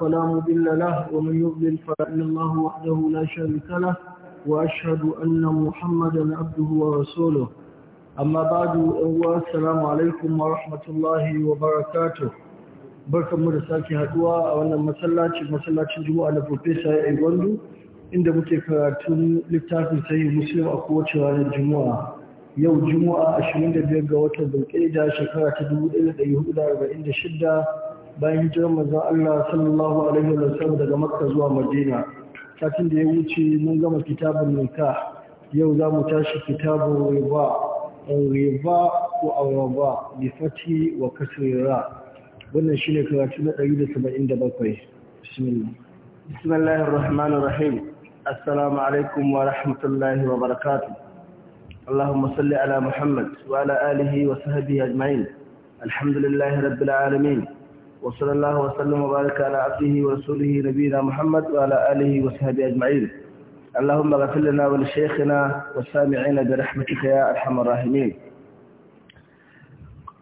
فلا مضل له ومن يضلل فإن الله وحده لا شريك له وأشهد أن محمدا عبده ورسوله أما بعد السلام عليكم ورحمة الله وبركاته barkan mu da sake haɗuwa a wannan masallaci masallacin juma'a na professor ya gwandu inda muke karatun littafin sai muslim a kowace ranar juma'a yau juma'a 25 ga watan dulkaida shekara ta bayan hijirar manzon Allah sallallahu alaihi wa sallam daga Makka zuwa Madina satin da ya wuce mun gama kitabun nikah yau za mu tashi kitabun riba riba ko awraba bi fati wa kasri wannan shine karatu na 177 bismillah bismillahir rahmanir rahim assalamu alaikum wa rahmatullahi wa barakatuh اللهم صل على محمد وعلى آله وصحبه أجمعين الحمد لله رب العالمين وصلى الله وسلم وبارك على عبده ورسوله نبينا محمد وعلى آله وصحبه أجمعين اللهم اغفر لنا ولشيخنا والسامعين برحمتك يا أرحم الراحمين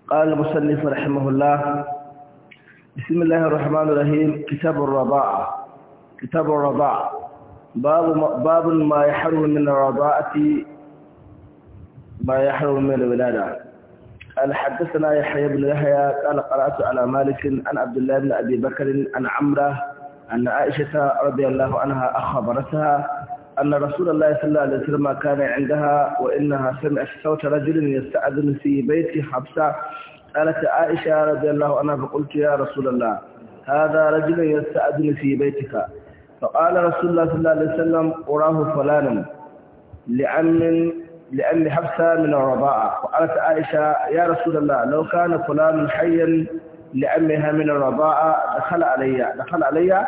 قال المصنف رحمه الله بسم الله الرحمن الرحيم كتاب الرضاعة كتاب الرضاعة باب باب ما يحرم من الرضاعة ما يحرم من الولادة قال حدثنا يحيى بن يحيى قال قرأت على مالك عن عبد الله بن أبي بكر عن عمره أن عائشة رضي الله عنها أخبرتها أن رسول الله صلى الله عليه وسلم كان عندها وإنها سمعت صوت رجل يستأذن في بيت حبسة قالت عائشة رضي الله عنها فقلت يا رسول الله هذا رجل يستأذن في بيتك فقال رسول الله صلى الله عليه وسلم أراه فلانا لعم لأن حفصة من الرضاعة وقالت عائشة يا رسول الله لو كان فلان حيا لأمها من الرضاعة دخل علي دخل علي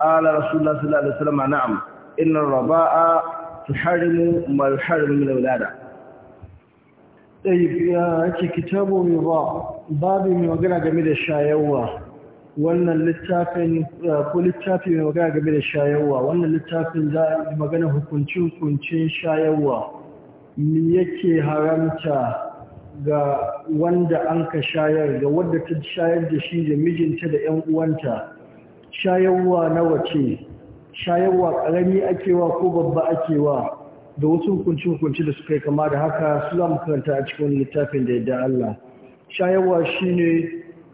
قال رسول الله صلى الله عليه وسلم نعم إن الرضاعة تحرم ما يحرم من الولادة طيب يا أخي كتاب رضاء بابي من وقنا جميل الشايوة وانا للتافن كل التافن من وقنا قبل الشايوة وانا للتافن زائد مقنا هكونتين كونتين شايوة me yake haramta ga wanda an ka shayar ga wadda ta shayar da shi da mijinta da 'yan uwanta shayarwa nawa ce shayarwa ƙarami akewa ko babba akewa da wasu hukunci-hukunci da suka yi kama da haka su za mu karanta a cikin littafin da yadda Allah shayarwa shine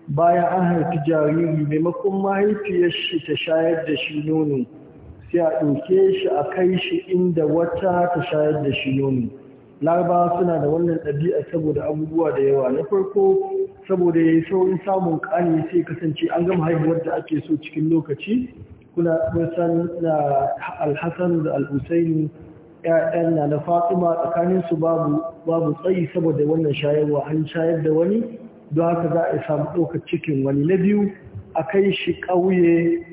bayan an haifi jariri maimakon mahaifiyar shi ta shayar da shi nono sai a ɗauke shi a kai shi inda wata ta shayar da shi nono larabawa suna da wannan ɗabi'a saboda abubuwa da yawa na farko saboda ya yi saurin samun ƙani sai kasance an gama haihuwar da ake so cikin lokaci kuna san na alhassan da al'usaini ‘ya'yan na na fatima tsakanin su babu tsayi saboda wannan shayarwa an shayar da wani don haka za a samu ɗaukar cikin wani na biyu a kai shi ƙauye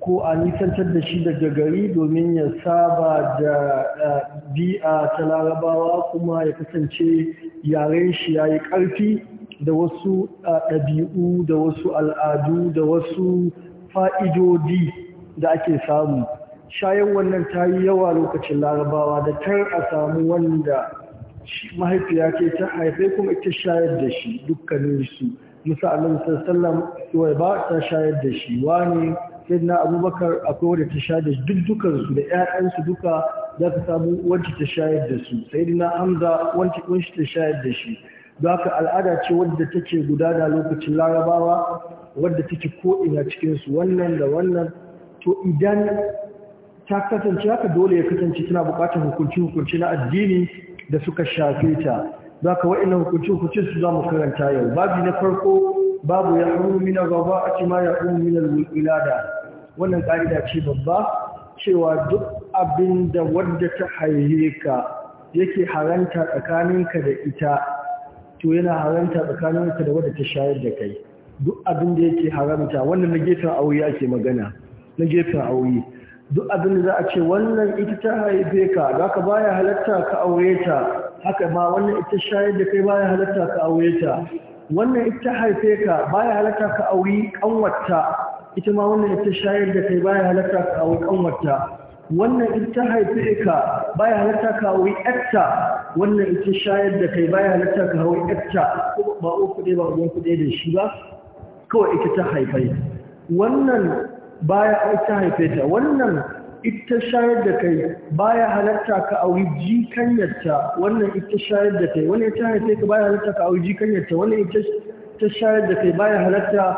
ko a nisantar da shi daga gari domin ya saba da bi'a ta larabawa kuma ya kasance yaren shi ya yi ƙarfi da wasu ɗabi'u da wasu al'adu da wasu fa'idodi da ake samu shayan wannan ta yi yawa lokacin larabawa da tar a samu wanda mahaifiya ke ta haife kuma ita shayar da shi dukkaninsu musa alaihi sallam ba ta shayar da shi wani sayyidina abubakar akwai wadda ta sha da duk dukansu da 'ya'yansu duka za ka samu wancan ta shayar da su sayyidina hamza wancan kunshi ta shayar da shi don haka al'ada ce wadda take gudana lokacin larabawa wadda take ko'ina cikinsu wannan da wannan to idan ta kasance haka dole ya kasance tana buƙatar hukunci-hukunci na addini da suka shafe ta za ka wa'ina hukunci-hukunci su za mu karanta yau babi na farko babu ya umu minar a cima ya umu minar wilada wannan ƙa'ida ce babba cewa duk abin da wadda ta haihe ka yake haranta tsakaninka da ita to yana haranta tsakaninka da wadda ta shayar da kai duk abin da yake haramta wannan na gefen aure ake magana na gefen aure duk abin da za a ce wannan ita ta haife ka za ka baya halatta ka aure ta haka ma wannan ita shayar da kai baya halatta ka aure ta wannan ita haife ka baya halatta ka aure kanwarta ita ma wannan ita shayar da kai baya halatta ka kanwarta wannan ita haife ka baya halatta ka auri yarta wannan ita shayar da kai baya halatta ka auri yarta ba uku kuɗe ba uban kuɗe da shi ba kawai ita ta haifai wannan baya ita haife ta wannan ita shayar da kai baya halatta ka auri jikanyarta wannan ita shayar da kai wannan ita haife ka baya halatta ka auri jikanyarta wannan ita ta shayar da kai baya halatta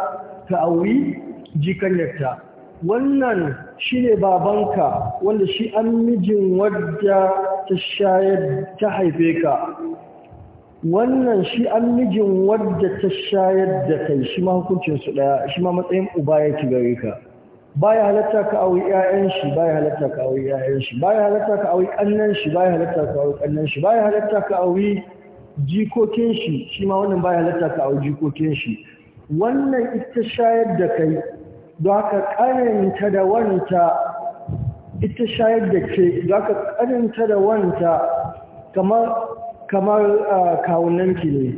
ka auri yarta wannan shi ne babanka wanda shi an mijin wadda ta shayar ta haife ka wannan shi an mijin wadda ta shayar da kai shi ma hukuncinsu ɗaya shi ma matsayin uba ya ci gare ka baya halatta ka auri ƴaƴan shi baya halatta ka auri ƴaƴan shi baya halatta ka auri kannan shi baya halatta ka auri kannan shi baya halatta ka auri jikokin shi shi ma wannan baya halatta ka auri jikokin shi wannan ita shayar da kai za haka karanta da wanta ita shayar da ke za ka karanta da wanta kamar kawunanki ne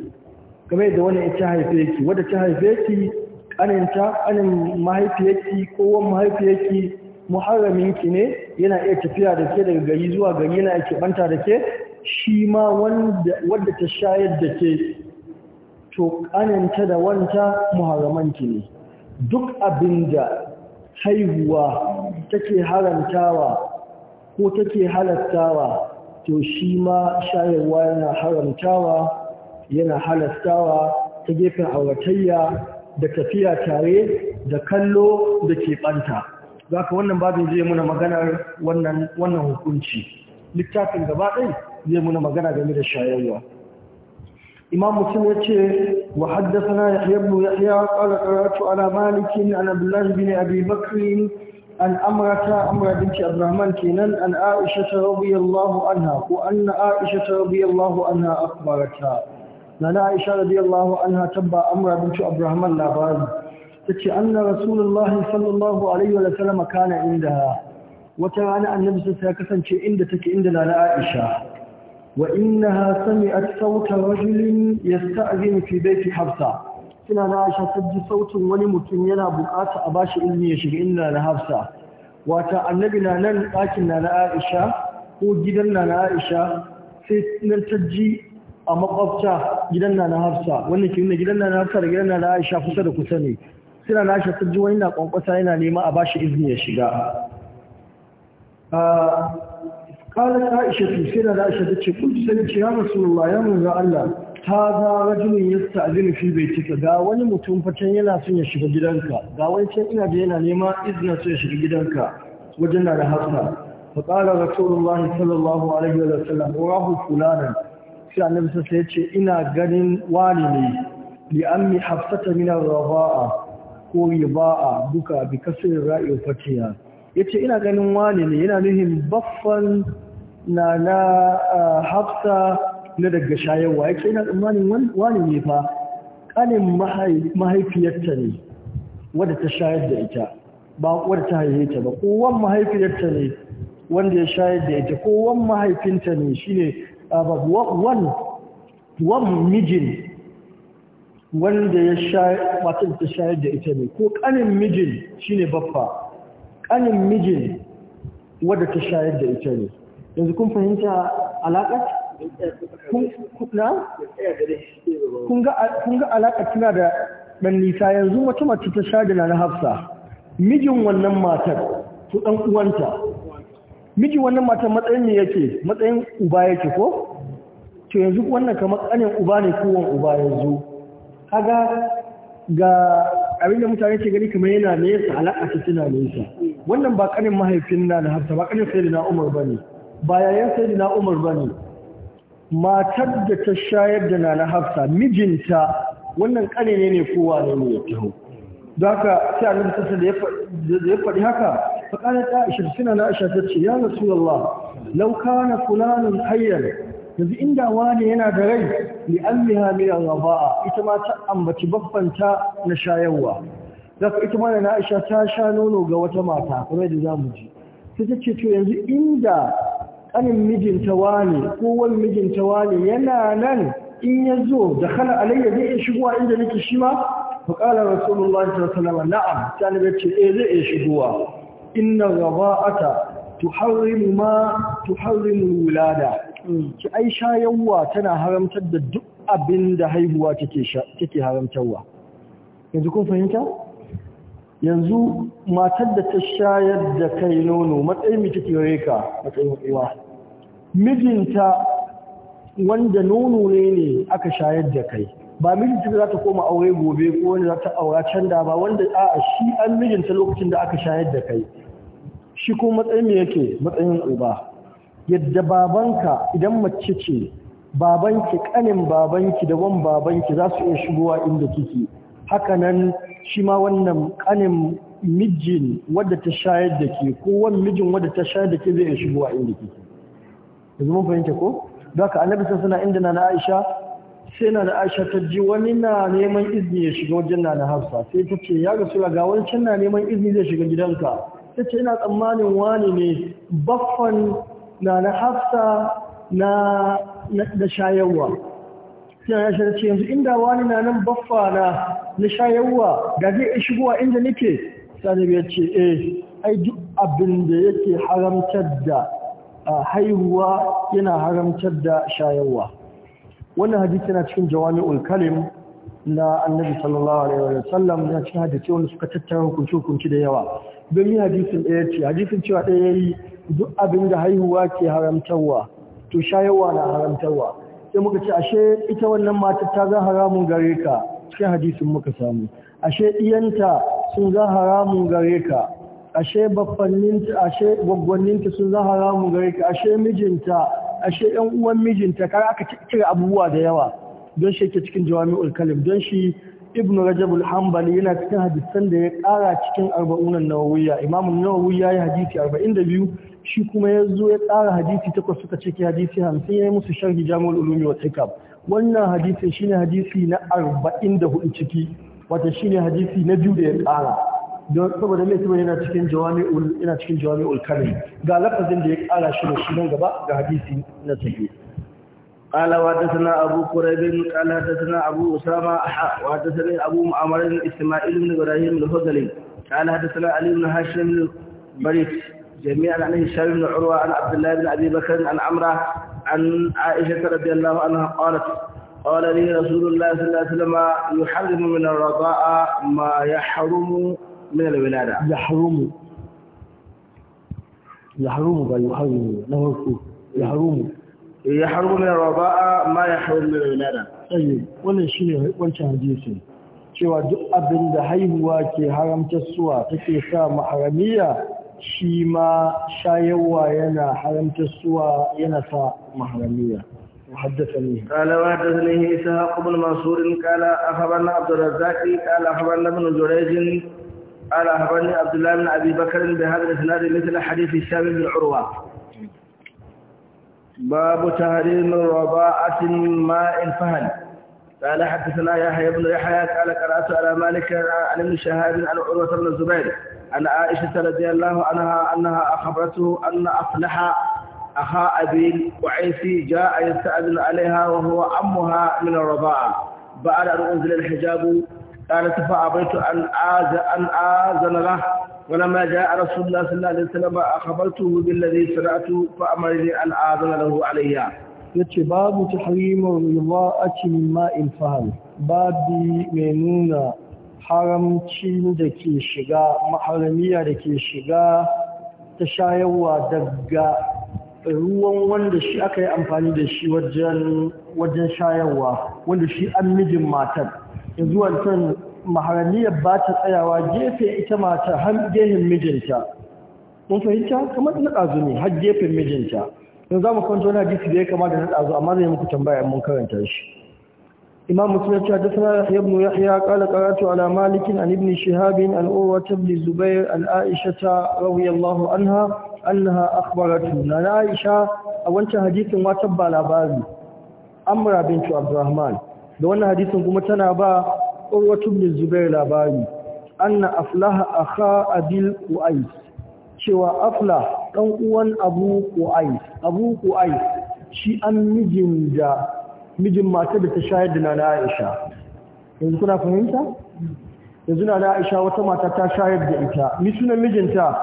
game da wani ita haife ki wadda ta haife ki karanta kanin mahaifiyarki kowon mahaifiyarki muharraminki ne yana iya tafiya da ke daga gari zuwa gari yana iya banta da ke shi ma wadda ta shayar da ke to kaninta da wanta muharramanki ne duk abin da haihuwa take harantawa ko take halattawa to shi ma shayarwa yana harantawa yana halastawa ta gefen auratayya da tafiya tare da kallo da keɓanta za ka wannan babin zai muna maganar wannan hukunci littafin gaba ɗai zai muna magana game da shayarwa إمام مسلم يتشي وحدثنا يحيى بن يحيى قال قرأت على مالك عن عبد الله بن أبي بكر أن أمرة أمرة بنت عبد الرحمن كينان أن عائشة رضي الله عنها وأن عائشة رضي الله عنها أخبرتها لأن عائشة رضي الله عنها تبع أمرة بنت عبد الرحمن لابان تتشي أن رسول الله صلى الله عليه وسلم كان عندها وترى أن النبي سيكسن عند تك عند لأن عائشة وإنها سمعت صوت رجل يستأذن في بيت حفصة كنا نعيشة تجي صوت ولمتن ينا بقات أباش إذني يشغ إنا لحفصة واتا النبينا نن لكننا نعيشة هو نعيشة سيتنا تجي a makwabta gidan na na hafsa wannan ke nuna gidan na na hafsa da gidan na na aisha kusa da kusa ne na ta ji wani na yana nema a bashi izini ya shiga قالت عائشة سيدة عائشة تقول سيدة يا رسول الله يا من الله هذا رجل يستأذن في بيتك ga wani mutum fatan yana son ya shiga gidanka ga wani ina da yana nema izinin son ya shiga gidanka wajen da hafsa fa qala rasulullah sallallahu alaihi wa sallam rahu fulanan sai annabi sai ce ina ganin wani ne li ammi hafsata min rabaa ko duka bi kasrin ra'i fatiha yace ina ganin wani ne yana nuhin baffan na na hafsa na daga shayarwa ce ina tsammanin wani ne fa kanin mahaifiyarta ne wadda ta shayar da ita ba wadda ta haife ta ba kowan mahaifiyarta ne wanda ya shayar da ita kowan mahaifinta ne shi ne wan mijin wanda ya shayar ta shayar da ita ne ko kanin mijin shi ne baffa ƙanin mijin wadda ta shayar da ita ne yanzu kun fahimta alaƙar kun ga alaƙar tuna da ɗan nisa yanzu wata mace ta shayar da na hafsa mijin wannan matar to ɗan uwanta mijin wannan matar matsayin ne yake matsayin uba yake ko to yanzu wannan kamar ƙanin uba ne kowan uba yanzu kaga ga abinda mutane ke gani kamar yana nesa alaƙa ta tuna nesa wannan ba kanin mahaifin na na hafsa ba kanin na umar bane ba yayan na umar ne matar da ta shayar da na na hafsa mijinta wannan ƙanin ne ne kowa ne ya taho da haka sai annabi sassa da ya faɗi haka fa kana ta aisha suna na aisha ta ce ya rasulullah lauka na kulanin hayyan yanzu inda wani yana da rai li ammiha min rabaa ita ma ta ambaci babbanta na shayarwa za ku ita mana na Aisha ta sha nono ga wata mata kuma da zamu ji sai ta ce to yanzu inda kanin ta wani ko mijin ta wani yana nan in ya zo da kana alayya zai iya shigowa inda nake shi ma fa qala rasulullahi sallallahu alaihi wasallam na'am ta nabi ce eh zai iya shigowa inna ghaba'ata tuharrimu ma tuharrimu wulada ki aisha yawa tana haramtar da duk abin da haihuwa take haramtarwa yanzu kun fahimta yanzu matar da ta shayar da kai nono matsayin mai take ka matsayin kaiwa mijinta wanda nono ne ne aka shayar da kai ba mijinta za ta koma aure gobe ko wanda za ta aura can da ba wanda a shi an mijinta lokacin da aka shayar da kai shi ko matsayin me yake matsayin uba yadda babanka idan mace ce babanki kanin babanki da wan babanki za su iya shigowa inda kike hakanan shi ma wannan kanin mijin wadda ta shayar da ke ko wani mijin wadda ta shayar da ke zai iya shigowa inda ke. yanzu zama fahimta ko ba ka annabi suna inda na Aisha sai na Aisha ta ji wani na neman izini ya shiga wajen na na Hafsa sai ta ce ya rasu ga wancan na neman izini zai shiga gidanka ta ce ina tsammanin wani ne baffan na na Hafsa na shayarwa sai ya shirya ce yanzu inda wani na nan baffa na na shayarwa da zai iya shigowa inda nake sani ya ce eh ai duk abin da yake haramtar da haihuwa yana haramtar da shayarwa wannan hadisi yana cikin jawani ulkalim na annabi sallallahu alaihi wa sallam ya cikin hadisi wanda suka tattara hukunci hukunci da yawa don yi hadisin ɗaya ce hadisin cewa ɗaya yi duk abin da haihuwa ke haramtarwa to shayarwa na haramtarwa sai muka ce ashe ita wannan mata ta za haramun gare ka cikin hadisin muka samu ashe iyanta sun za haramun gare ka ashe babbanninta ashe gwaggwanninta sun za haramun gare ka ashe mijinta ashe ƴan uwan mijinta kar aka cire abubuwa da yawa don shi yake cikin jawami'ul kalim don shi ibnu rajab al-hanbali yana cikin hadisan da ya ƙara cikin arba'unan nawawiyya imamu nawawiyya ya hadisi 42 shi kuma ya zo ya tsara hadisi takwas suka ce hadisi hamsin ya yi musu sharhi jami'ul ulumi wa wannan hadisin shine hadisi na arba'in da hudu ciki wata shine hadisi na biyu da ya ƙara don saboda mai tuba yana cikin jawami'ul yana cikin ga lafazin da ya ƙara shi da shi gaba ga hadisi na sahihi قال وحدثنا أبو قريب قال حدثنا أبو أسامة وحدثني أبو معمر إسماعيل بن إبراهيم الهذلي قال حدثنا علي بن هاشم بن جميعا عن هشام بن عروة عن عبد الله بن أبي بكر عن عمرة عن عائشة رضي الله عنها قالت قال لي رسول الله صلى الله عليه وسلم يحرم من الرضاء ما يحرم من الولادة يحرم يحرم بل يحرم نهرك يحرم يحرم من الرضاء ما يحرم من الولادة طيب wannan shine wancan hadisi cewa duk abin da haihuwa ke haramtar suwa take sa maharamiya shi ma shayarwa yana haramta suwa yana sa maharamiya وحدثني قال وحدثني إسحاق بن منصور قال أخبرنا عبد الرزاق قال أخبرنا ابن جريج قال أخبرني عبد الله بن أبي بكر بهذا الإسناد مثل حديث الشام بن عروة باب تهريم رضاعة ماء فهل قال حدثنا يحيى بن يحيى قال قرأت على مالك عن ابن شهاب عن عروة بن الزبير عن عائشة رضي الله عنها أنها أخبرته أن أفلح أخا أبي وعيسي جاء يستأذن عليها وهو عمها من الرضاعة بعد أن أنزل الحجاب قالت فأبيت أن آذن أن آذن له ولما جاء رسول الله صلى الله عليه وسلم أخبرته بالذي سمعت فأمرني أن آذن له عليها yace babu tahrimu ridaati min ma'il fahm babi mai nuna haramcin da ke shiga maharamiya da ke shiga ta shayarwa daga ruwan wanda shi aka yi amfani da shi wajen shayarwa wanda shi an mijin matar yanzu wancan maharamiyar ba ta tsayawa gefe ita matar har gefen mijinta mun fahimta kamar na ɗazu ne har gefen mijinta yanzu za mu kwanto na hadisi da ya kama da na ɗazu amma zai muku tambaya mun karanta shi imam muslim ya da sanar yahya ibn yahya qala qara'tu ala malik an ibn shihab an uwa ibn anha annaha akhbaratu na aisha a wancan hadisin wa tabba labari amra bint abdurrahman da wannan hadisin kuma tana ba uwa ibn zubair labari anna aflaha akha abil quais cewa afla ɗan uwan abu quais abu quais shi an mijin da mijin matar da ta shayar da nana Aisha yanzu kuna fahimta yanzu nana Aisha wata mata ta shayar da ita ni sunan mijinta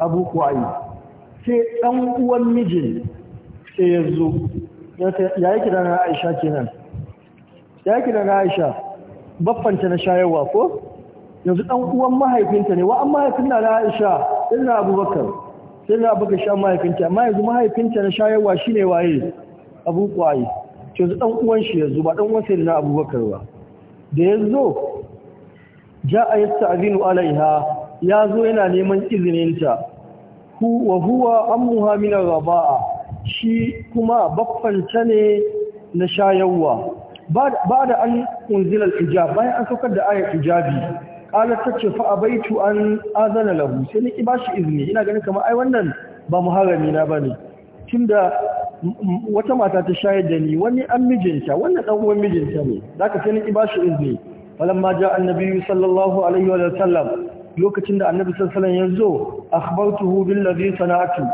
Abu kwayi. sai ɗan uwan mijin sai yanzu. ya yi kira nana Aisha kenan ya yi kira nana Aisha baffanta na shayarwa ko yanzu ɗan uwan mahaifinta ne wa'an an mahaifin nana Aisha ina Abubakar sai na abu shan sha mahaifinta amma yanzu mahaifinta na shayarwa shine waye abu kwayi. ce ɗan uwan shi ya zo ba ɗan uwan sai na abubakar ba da ya zo ja a yasta azinu alaiha ya zo yana neman izininta wa huwa an muhamminar raba'a shi kuma baffanta ne na shayarwa ba da an unzilar hijab bayan an saukar da ayar hijabi ƙalar ta ce baitu an azana lahu sai ni ƙi ba izini ina ganin kama ai wannan ba muharrami na ba ne tun wata mata ta shayar da ni wani an mijinta wannan dan uwan mijinta ne zaka sai ni ba shi izini falamma ja annabi sallallahu alaihi wa sallam lokacin da annabi sallallahu alaihi wa sallam yazo akhbartuhu bil ladhi sana'tu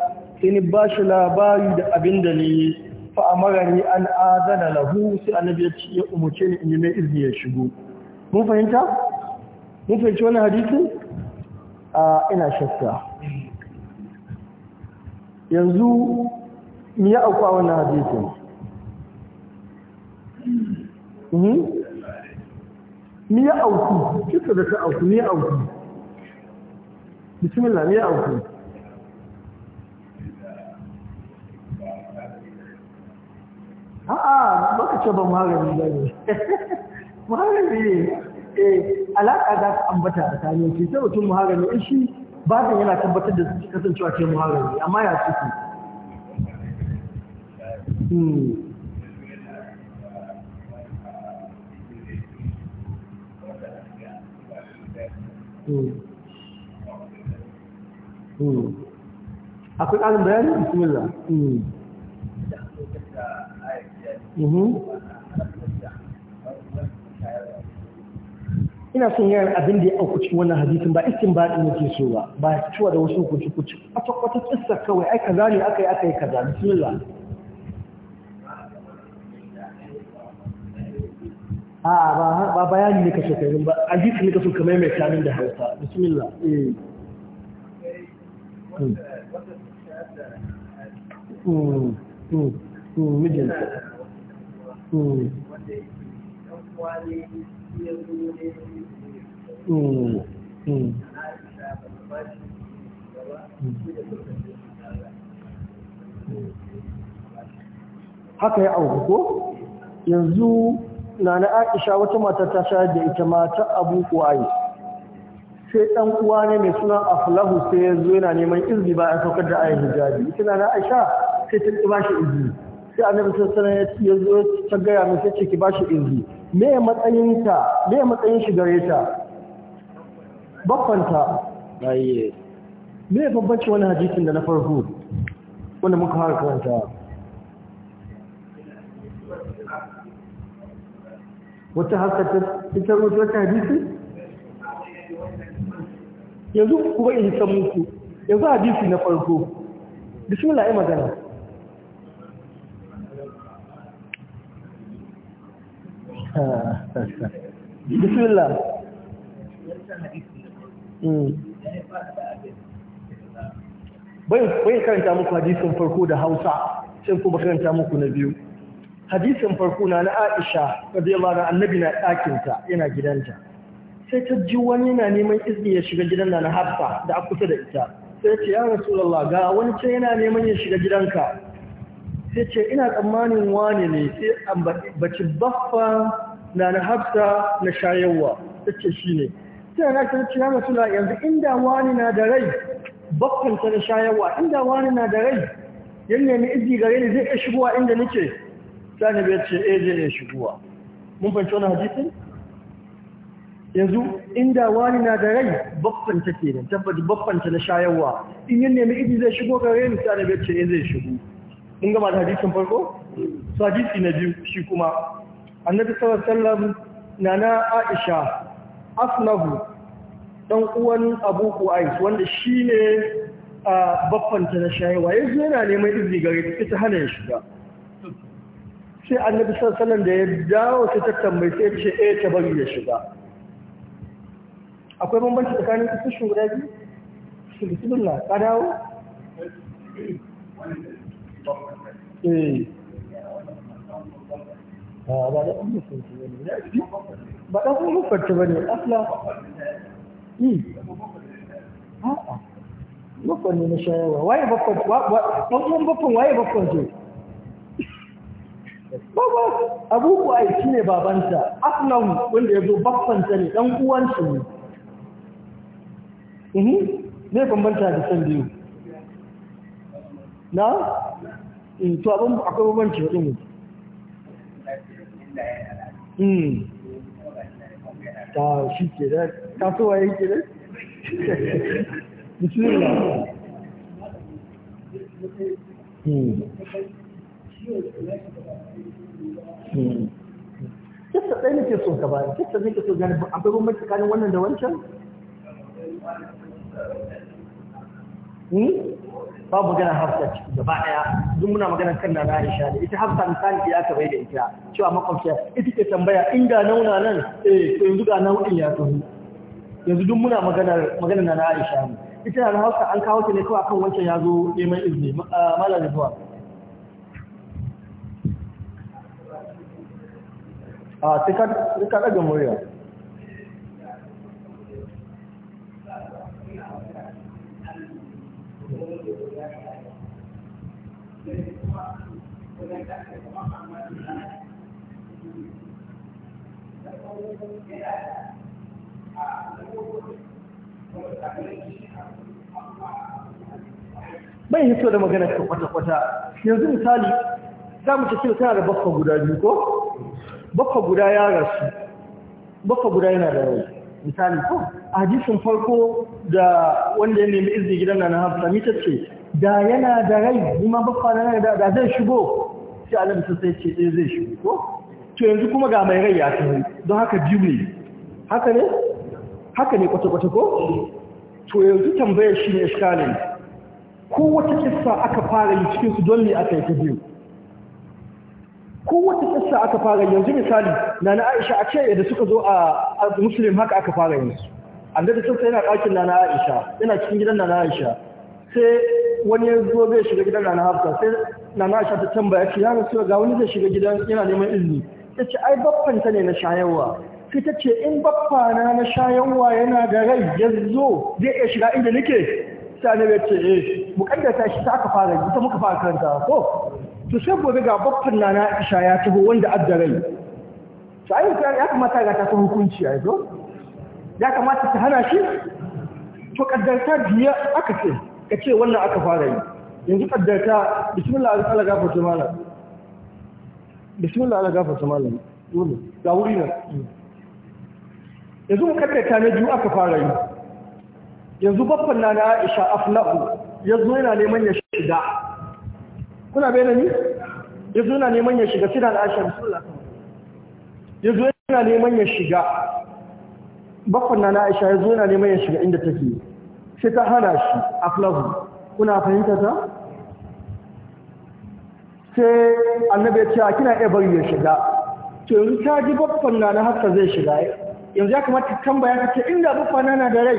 sai ni ba shi labari da abin da ni fa amarani an azana lahu sai annabi ya ce ya umuce ni in yi mai izini ya shigo mun fahimta mun fahimci wannan hadisi a ina shakka yanzu mi ya auku a wannan hadisin mi hmm? ya auku kisa da ta auku mi ya auku bismillah mi ya auku a'a baka ce ba magani ba ne magani ne eh alaƙa za ka ambata a tsakanin shi sai mutum muharami in shi ba yana tabbatar da kasancewa ce muharami amma ya suke akwai ƙarin bayani bismillah mm-hmm. ina son yaran abin da ya auku cikin wannan hadisin ba iskin ba ɗin yake so ba ba ya fitowa da wasu hukunci kuci kwata-kwata kissa kawai ai kaza ne aka yi aka yi kaza bismillah a ba bayani ne kashe kai ba a hadisi ne kasu kamar mai kamin da hausa bismillah eh hmm. Hmm. Hmm. haka ya auku ko yanzu na aisha wata mata ta shayar da ita mata abu kuwaye sai dan uwa ne mai suna a fulahu sai ya zo yana neman izini ba a saukar da ayin hijabi ita na aisha sai ta ba shi izini sai a nan alaihi ya zo ta gaya mai sai ce ki ba shi izini me matsayin ta me matsayin shi gare ta bakwanta ayi me ya bambanci wani hadisin da na farko wanda muka har karanta wata haka ta rubuta wata hadisi yanzu kuma in san muku yanzu hadisi na farko bismillah ya magana bismillah hmm. bai karanta muku hadisin farko da hausa sai kuma karanta muku na biyu hadisin farko na na Aisha radiyallahu anha annabi na ɗakinta yana gidanta sai ta ji wani yana neman izini ya shiga gidan na Hafsa da a kusa da ita sai ce ya rasulullah ga wani ce yana neman ya shiga gidanka sai ce ina tsammanin wani ne sai an baci baffa na na Hafsa na shayarwa tace shine sai na ta ce ya rasulullah yanzu inda wani na da rai baffan ta na shayarwa inda wani na da rai yan nemi izini gare ni zai iya shigowa inda nake Sani bai ce eh zai iya shigowa mun fahimci wani hadisin yanzu inda wani na da rai babban ta ke nan tabbata babban ta na shayarwa in yin nemi izi zai shigo gare ni sani bai ce eh zai shigo mun gama da hadisin farko su hadisi na biyu shi kuma annabi sallallahu alaihi na nana Aisha asnahu dan uwan Abu Qais wanda shine baffanta na shayarwa yanzu yana neman izini gare ta hana ya shiga sai annabi sallallahu da ya dawo sai ta tambaye sai ce eh ta bari ya shiga akwai bambanci tsakanin su shi guda biyu su bismillah ka dawo eh. ah, ba da ummu sun ce ne ba da ummu fatta bane asla eh a'a bakon ne na shayarwa waye bakon ɗan bakon waye bakon ce baba abu kuwai shi ne babanta aflan wanda ya zo babbanta ne ɗan uwansu ne Ihi, ne bambanta da san biyu na? Eh, to abin akwai bambanci wadin Hmm. ta shi ke da ta waye ke da? Mutu ne Hmm. kissa ɗaya nake so ka bani kissa nake so gane akwai bambanci tsakanin wannan da wancan hmm? babu magana hafsa ciki gaba daya duk muna magana kan na Aisha da ita hafsa misali ya ka bai da ita cewa makwabciya ita ke tambaya in ga nauna nan eh to yanzu ga nau'in ya tafi yanzu duk muna magana magana na Aisha ne ita na hafsa an kawo ta ne kawai akan wancan ya zo neman izini ah, malam zuwa a sai ka ɗaga murya bai hito da magana kwata-kwata yanzu misali za mu ce tana da bakwa guda biyu ko baka guda ya rasu baka guda yana da rai misali ko a hadisin farko da wanda ya nemi izini gidan ha sami ta ce da yana da rai kuma ma bafa na da da zai shigo sai annabi sai ce eh zai shigo ko to yanzu kuma ga mai rai ya tafi don haka biyu ne haka ne haka ne kwata-kwata ko to yanzu tambayar shi ne iskalin ko wata kissa aka fara yi cikin su don ne aka yi ta biyu kowace kissa aka fara yanzu misali na na Aisha a ce yadda suka zo a Muslim haka aka fara yanzu da sun yana ɗakin na Aisha yana cikin gidan na na Aisha sai wani ya zo zai shiga gidan na na Hafsa sai na Aisha ta tambaya ce ya rasu ga wani zai shiga gidan yana neman izini ta ce ai baffan ta ne na shayarwa sai ta ce in baffa na na shayarwa yana da rai ya zo zai iya shiga inda nake sai annabi ya ce eh mukaddata shi ta aka fara ita muka fara karanta ko to sai gobe ga baffan na Aisha ya taho wanda addarai to ai ya kamata ga ta hukunci ai go ya kamata ta hana shi to kaddarta biya aka ce ka ce wannan aka fara yi yanzu kaddarta bismillah ala ta malam bismillah ala ta malam dole da wuri ne yanzu kaddarta na biyu aka fara yi yanzu baffan na Aisha aflahu yanzu yana neman ya shiga. kuna bai da ni ya zo yana neman ya shiga suna da ashe rasulullah ya zo yana neman ya shiga bakon na aisha ya zo yana neman ya shiga inda take sai ta hana shi a flahu kuna fahimta ta sai annabi ya ce kina iya bari ya shiga to yanzu ta ji bakon na na haka zai shiga yanzu ya kamata tambaya ka ce inda bakon na na da rai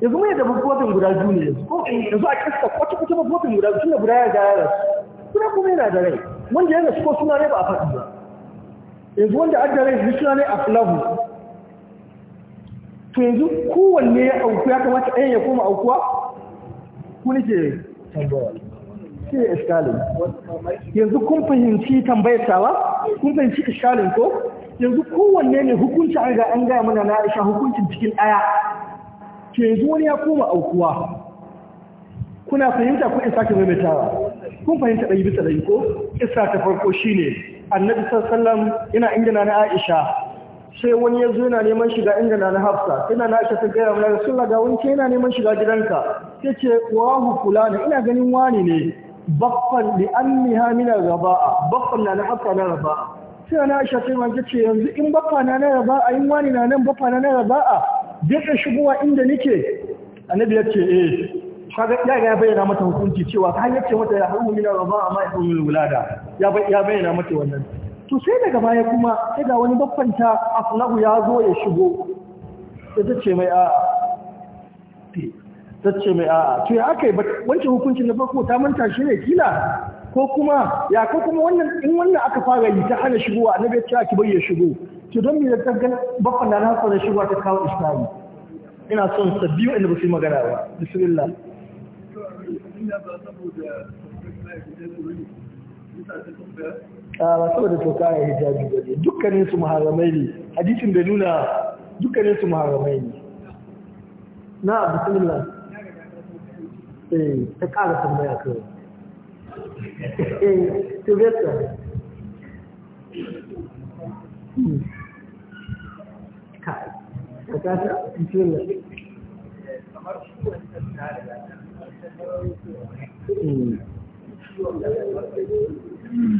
yanzu mai da babbobin guda biyu ne yanzu ko yanzu a kasta kwata-kwata babbobin guda biyu da guda ya gaya rasu suna kuma yana da rai wanda yana shiko suna ne ba a faɗi ba yanzu wanda an da rai shi suna ne a filahu to yanzu kowanne ya auku ya kamata ɗayan ya koma aukuwa ku nake tambawa sai ya iskalin yanzu kun fahimci tambayar tawa kun fahimci iskalin ko yanzu kowanne ne hukunci an ga an gaya mana na aisha hukuncin cikin ɗaya ke yanzu wani ya koma aukuwa kuna fahimta kuɗin sake maimaitawa kun fahimta ɗari bisa ɗari ko Isa ta farko shi ne. annabi sallallahu yana inda na Aisha sai wani ya zo yana neman shiga inda na Hafsa sai na Aisha ta gaya mana Rasulullah ga wani yana neman shiga gidanka Ya ce wahu ne? ina ganin wani ne baffan li anniha min raba'a baffan na na Hafsa na raba'a sai na Aisha ta manke ce yanzu in baffa na na raba'a in wani na nan baffa na na raba'a zai ka shigowa inda nake annabi ya ce eh kaga ya ga bayyana mata hukunci cewa ta har ce mata ya haru min rama amma ya min wulada ya ya bayyana mata wannan to sai daga baya kuma sai ga wani baffanta aflahu ya zo ya shigo sai ta ce mai a'a ta mai a'a to ya aka yi wancan hukuncin na farko ta manta shi ne kila ko kuma ya ko kuma wannan in wannan aka fara yi ta hana shigowa annabi ya ce ki ya shigo to don me ta taggan baffanta na hasa da shigowa ta kawo islami ina son sabbiyu inda ba su yi magana ba bismillah a ah, ba saboda toka ya hijabi ba ne dukkanin su maharamai ne hadisin da nuna dukkanin su maharamai ne na bismillah eh ta sun tambaya kawai eh to vesta hmm. ka ta ta ta ta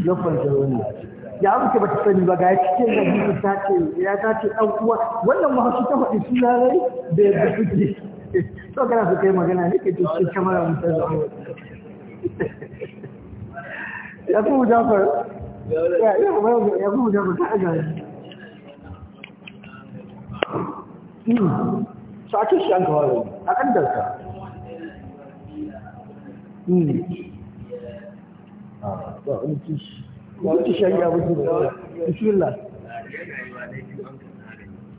nufin zaroni ya amsa ba ta sani ba ga cikin hadisi ta ce ya ta ce ɗan uwa wannan mahaushi ta faɗi suna rai da ya ga suke so kana su kai magana ne ke tushe kamar ya kuma jafar ya kuma jafar ta ajiyar su hmm. a cikin shi an kawo a kan wani shari'a wani shari'a bismillah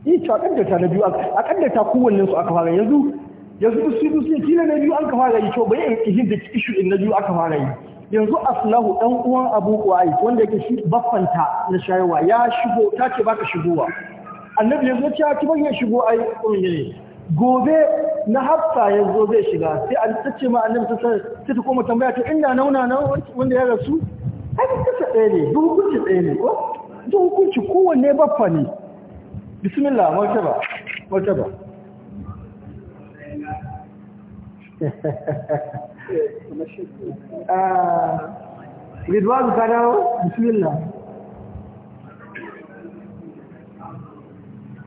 yi ta kaddata na biyu a kaddata kowannen su aka fara yanzu yanzu su su sun kila na biyu an ka fara yi to bai yanki hin da ishu din na biyu aka fara yi yanzu aslahu dan uwan abu kuwai wanda yake shi baffanta na shayarwa ya shigo ta ce baka shigowa annabi yanzu ya ce ki ban ya shigo ai gobe na hafsa ya zo zai shiga sai an tace ma annabi sai ta koma tambaya ta inda nauna na wanda ya rasu ai kasa ɗaya ne duk hukunci ɗaya ne ko duk hukunci kowanne baffa ne bismillah martaba martaba ah ridwan ka dawo bismillah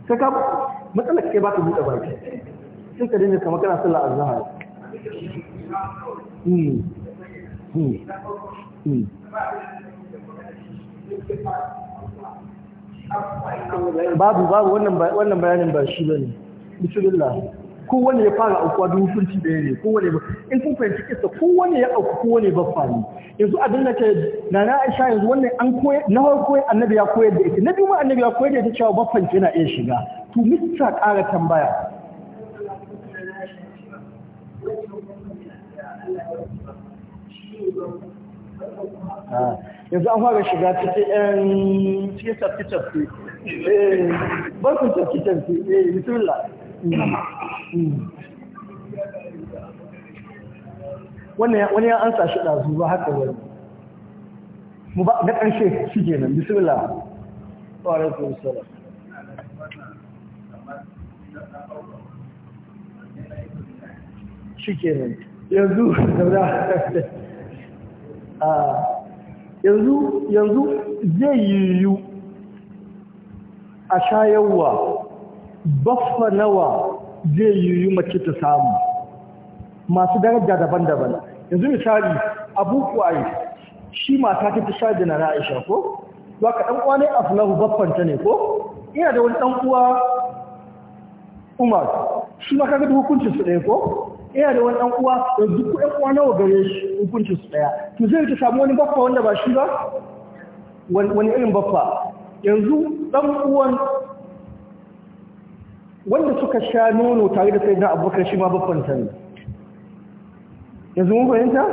ka ka matsalar ke ba ta buɗe ke sai ka dinga kamar kana sallar azhar hmm. Hmm. Hmm. babu babu wannan bayanin ba shi bane bismillah kowane ya fara aukuwa da hukunci da ne kowane ba in kun fahimci kisa kowane ya auku kowane ba fani yanzu abin da ke na na aisha yanzu wannan an koye na farko annabi ya koyar da ita na biyu ma annabi ya koyar da ita cewa bafanci yana iya shiga to mista ƙara tambaya Ah, yanzu an fara shiga cikin yan cikin tafi-tafi ba ku tafi-tafi bismillah wani ya ansa shi ɗazu ba haka wani mu ba ƙarshe shi ke nan shi ke nan yanzu a ah, yanzu yanzu zai yu a shayarwa baffa nawa zai yu mace ta samu masu daraja daban-daban yanzu misali abu kwaye shi mata ta fi shaji na Aisha ko? Za ka ɗan'uwa ne a fulahu baffanta ne ko? Ina da wani ɗan'uwa umar shi ma kaga hukuncin su ɗaya ko yana da wani ɗan uwa da duk ɗan uwa nawa gare shi hukuncin su ɗaya to zai ta samu wani baffa wanda ba shi ba wani irin baffa yanzu ɗan uwan wanda suka sha nono tare da sayyidina abubakar shi ma baffan ta ne yanzu mun fahimta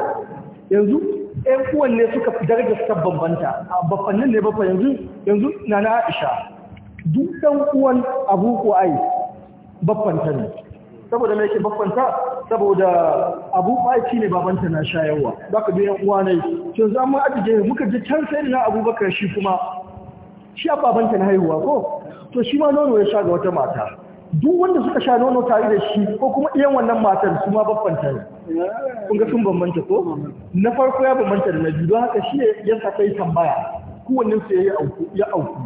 yanzu ɗan uwan ne suka daraja suka bambanta a baffannin ne baffa yanzu yanzu na na aisha duk ɗan uwan abu ko ai baffanta ne saboda mai ke baffanta saboda abu baci ne babanta na shayarwa za ka biyan uwa ne cin za mu ajiye muka ji can sai na abubakar shi kuma shi babanta na haihuwa ko to shi ma nono ya sha ga wata mata duk wanda suka sha nono tare da shi ko kuma iyan wannan matar su ma babbanta ne kun ga sun bambanta ko na farko ya bambanta da na biyu don haka shi ne ya sa kai tambaya kowannen su ya auku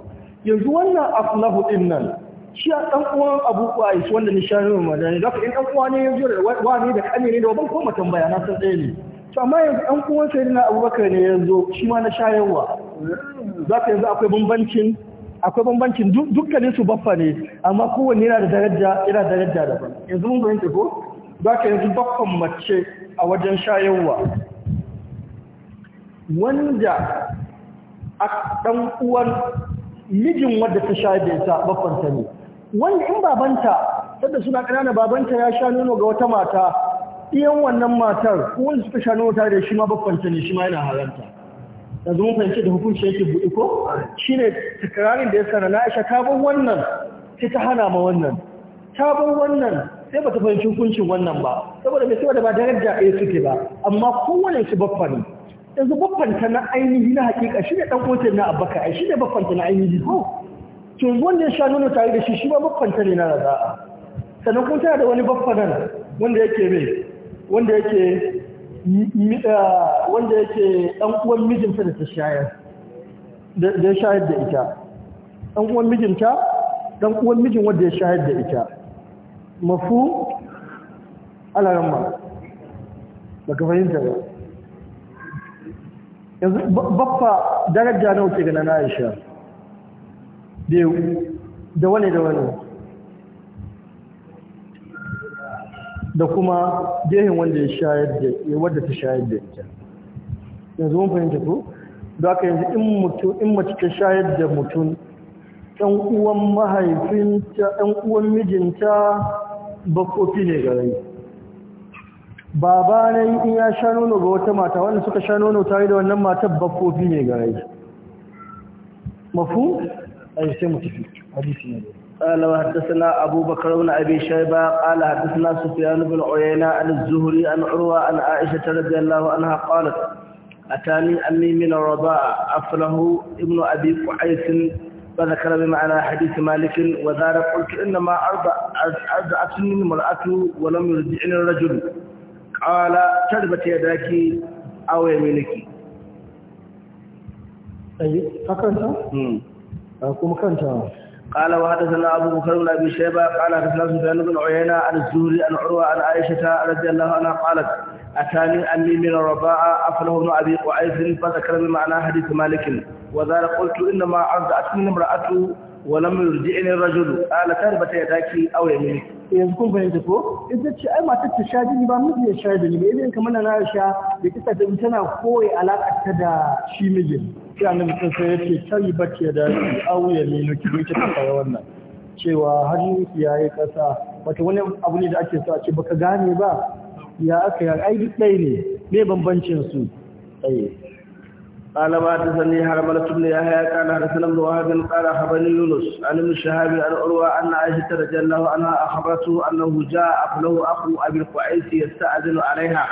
yanzu wannan aflahu din nan shi a ɗan uwan abu ƙwais wanda ni shahararwa madani da in ɗan uwa ne ya zo da wani da ƙane ne da ban koma tambaya na san ɗaya ne to amma yanzu ɗan uwan sai na abubakar ne ya zo shi ma na shayarwa za ka yanzu akwai bambancin akwai bambancin dukkanin su baffa ne amma kowanne yana da daraja yana daraja daban yanzu mun fahimta ko za ka yanzu baffan mace a wajen shayarwa wanda a ɗan uwan mijin wadda ta sha bai sa baffanta ne wanda in babanta sadda suna ƙanana babanta ya sha nono ga wata mata iyan wannan matar ko wanda suka sha nono tare da shi ma babbanta ne shi ma yana halarta yanzu zuwa fahimci da hukunci yake buɗe ko Shi ne takararin da ya sana na Aisha ta bar wannan sai ta hana ma wannan ta bar wannan sai bata fahimci hukuncin wannan ba saboda mai saboda ba daraja ɗaya suke ba amma kowane su baffa ne yanzu baffanta na ainihi na hakika ne ɗan kotun na abbaka ai ne baffanta na ainihi ko to wanda ya sha nuna tare da shi shi ba baffanta ne na raza'a sannan kuma tana da wani baffa nan wanda yake mai wanda yake wanda yake dan uwan mijinta da ta shayar da ya shayar da ita dan uwan mijinta dan uwan mijin wanda ya shayar da ita mafu ba ka fahimta ba yanzu baffa daraja nawa ke ga na Aisha biyu da wani da wani da kuma gehen wanda ya shayar da wadda ta shayar da ita yanzu mun fahimta ko da aka yanzu in mutum in mace ta shayar da mutum ɗan uwan mahaifinta ɗan uwan mijinta kofi ne ga rai baba ne in ya sha nono ga wata mata wanda suka sha nono tare da wannan matar kofi ne ga rai mafu أي سيمة حديثنا قال وحدثنا أبو بكر بن أبي شيبة قال حدثنا سفيان بن عيينة عن الزهري عن عروة عن عائشة رضي الله عنها قالت أتاني أمي من الرضاء أفله ابن أبي قعيس فذكر بمعنى حديث مالك وذلك قلت إنما أرضعتني المرأة ولم يرجعني الرجل قال تربت يداك أو يمينك أي فكرة؟ kuma kanta قال وحدثنا أبو بكر بن أبي شيبة قال حدثنا سفيان بن عيينة عن الزهري عن عروة عن عائشة رضي الله عنها قالت أتاني أمي من الرضاعة أفله ابن أبي قعيس فذكر بمعنى حديث مالك وذلك قلت إنما أرضعتني امرأته ولم يرجعني الرجل قال تربت يداك أو يمينك yanzu kun fahimta ko ita ce ai matar ta shaji ni ba miji ya shaji ni ba idan kamar na Aisha da kisa da tana koyi alakar ta da shi mijin sai annabi sun sai yace kai bace da auya ne nuki nuki ta fara wannan cewa hannu yayi kasa wato wani abu ne da ake so a ce baka gane ba ya aka ya ai duk dai ne me bambancin su ai قال ما حدثني حرملة بن يحيى قال حدثنا ابن وهب قال أخبرني يونس عن ابن شهاب عن عروة أن عائشة رضي الله عنها أخبرته أنه جاء له أخو أبي القعيس يستأذن عليها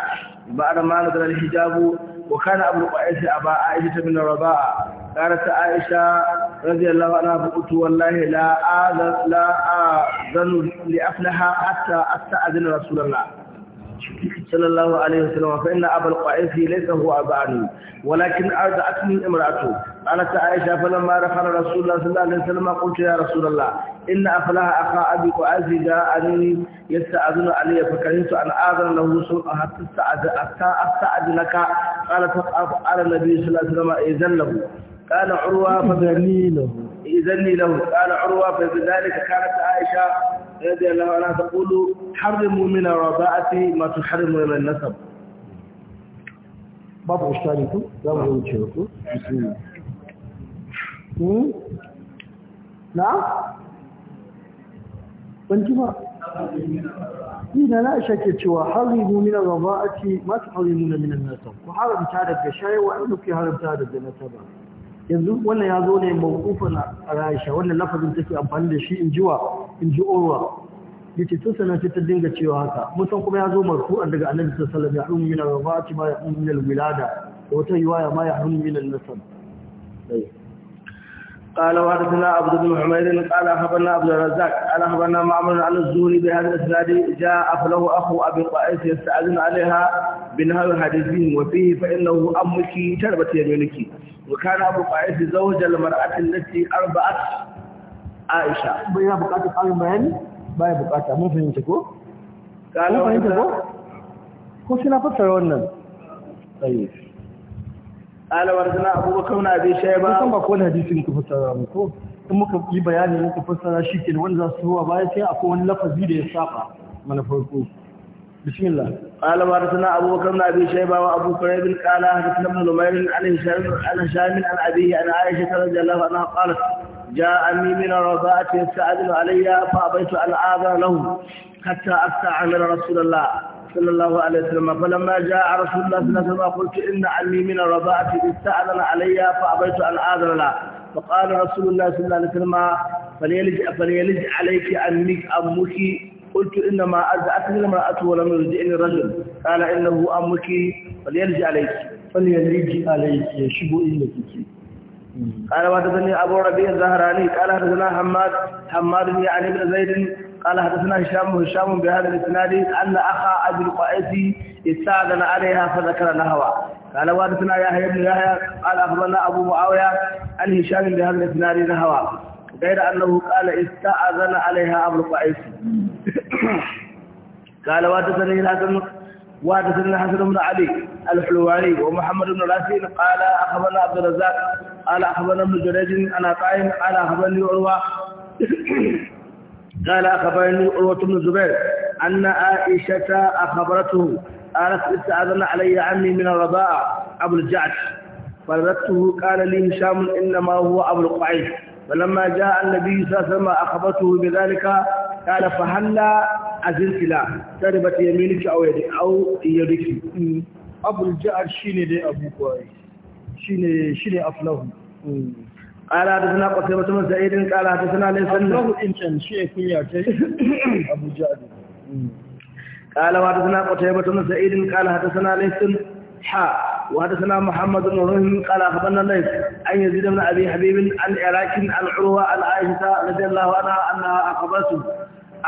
بعد ما نزل الحجاب وكان أبو قيس أبا عائشة من الرضاعة قالت عائشة رضي الله عنها فقلت والله لا آذن لا آذن لأفلح حتى أستأذن رسول الله صلى الله عليه وسلم فإن أبا القعيس ليس هو أبعني ولكن أرضعتني امرأته قالت عائشة فلما دخل رسول الله صلى الله عليه وسلم قلت يا رسول الله إن أفلاح أخا أبي قعيس جاءني يستأذن علي فكرهت أن آذن له سوء حتى أستأذنك قالت فقال النبي صلى الله عليه وسلم إذن له قال عروة فذلني له إذني له قال عروة فبذلك كانت عائشة رضي الله عنها تقول حرموا من الرضاعة ما تحرموا من النسب باب أشتريكم باب أشتريكم بسم الله نعم بنجمع ina na shake cewa harimu min al-raba'ati ma tuharimuna min an-nasab ku haramta daga shaywa in ku haramta daga nasaba yanzu wannan ya zo ne a Aisha wannan lafazin take amfani da shi in jiwa in ji Urwa yace tun sana ta dinga cewa haka musan kuma ya zo marfu'an daga Annabi sallallahu alaihi ya ummi min ar-rabati ma ya ummi min al-wilada da wata riwaya ma ya ummi min an-nasab قال عبد بن حميد قال اخبرنا عبد الرزاق قال اخبرنا معمر عن الزهري بهذا الاسناد جاء فله اخو ابي قيس يستاذن عليها بنهر حديثهم وفيه فانه امك تربت يمينك وكان أبو قعيس زوج المرأة التي أربعت عائشة بيها بقاتة قام بيان baya bukata mun fahimta ko? Mun fahimta ko? Ko suna fassara wannan? Tsaye. Alawar suna abubakar na bai shaye ba. Kusan ba kowane hadisi muka fassara mu ko? muka yi bayani muka fassara shi ke wanda za su ba? baya sai akwai wani lafazi da ya saba mana farko. بسم الله قال ورثنا أبو بكر بن أبي شيبة وأبو كريب قال حدثنا ابن نمير عن هشام عن هشام عن أبيه عن عائشة رضي الله عنها قالت جاءني من الرضاعة يستأذن علي فأبيت أن آذن له حتى أستعمل رسول الله صلى الله عليه وسلم فلما جاء رسول الله صلى الله عليه وسلم قلت إن عمي من الرضاعة استأذن علي فأبيت أن آذن له فقال رسول الله صلى الله عليه وسلم فليلج, فليلج عليك أمك أمك قلت إنما أزعتني المرأة ولم يرجعني الرجل قال إنه أمك فليرجع عليك فليرجع عليك يشبه إنك قال وحدثني أبو ربيع الزهراني قال حدثنا حماد حماد بن علي بن زيد قال حدثنا هشام هشام بهذا الاسناد أن أخا أبي القائد استأذن عليها فذكر نهوى قال وحدثنا يحيى بن يحيى قال أخبرنا أبو معاوية عن هشام بهذا الاسناد نهوى غير أنه قال استأذن عليها أمر قعيس قال وحدثني الحسن وحدثني الحسن بن علي الحلواني ومحمد بن الحسين قال أخبرنا عبد الرزاق قال أخبرنا ابن جريج أنا قائم قال أخبرني عروة قال أخبرني عروة بن الزبير أن عائشة أخبرته قالت استأذن علي عمي من الرضاعة أبو الجعش فردته قال لي هشام إنما هو أبو القعيس فلما جاء النبي صلى الله عليه وسلم أخبته بذلك قال فهلا أزلت لا تربت يمينك أو يدك أو يدك أبو الجعر شيني دي أبو كوي شيني شيني أفله قال حدثنا قتيبة بن سعيد قال حدثنا ليس أفله إنشان شيء كنياتي أبو جعر قال حدثنا قتيبة بن سعيد قال حدثنا ليس حا وحدثنا محمد بن رهم قال أخبرنا الليث أن يزيد بن أبي حبيب عن عراك عن عروة عن عائشة رضي الله عنها أنها أخبرته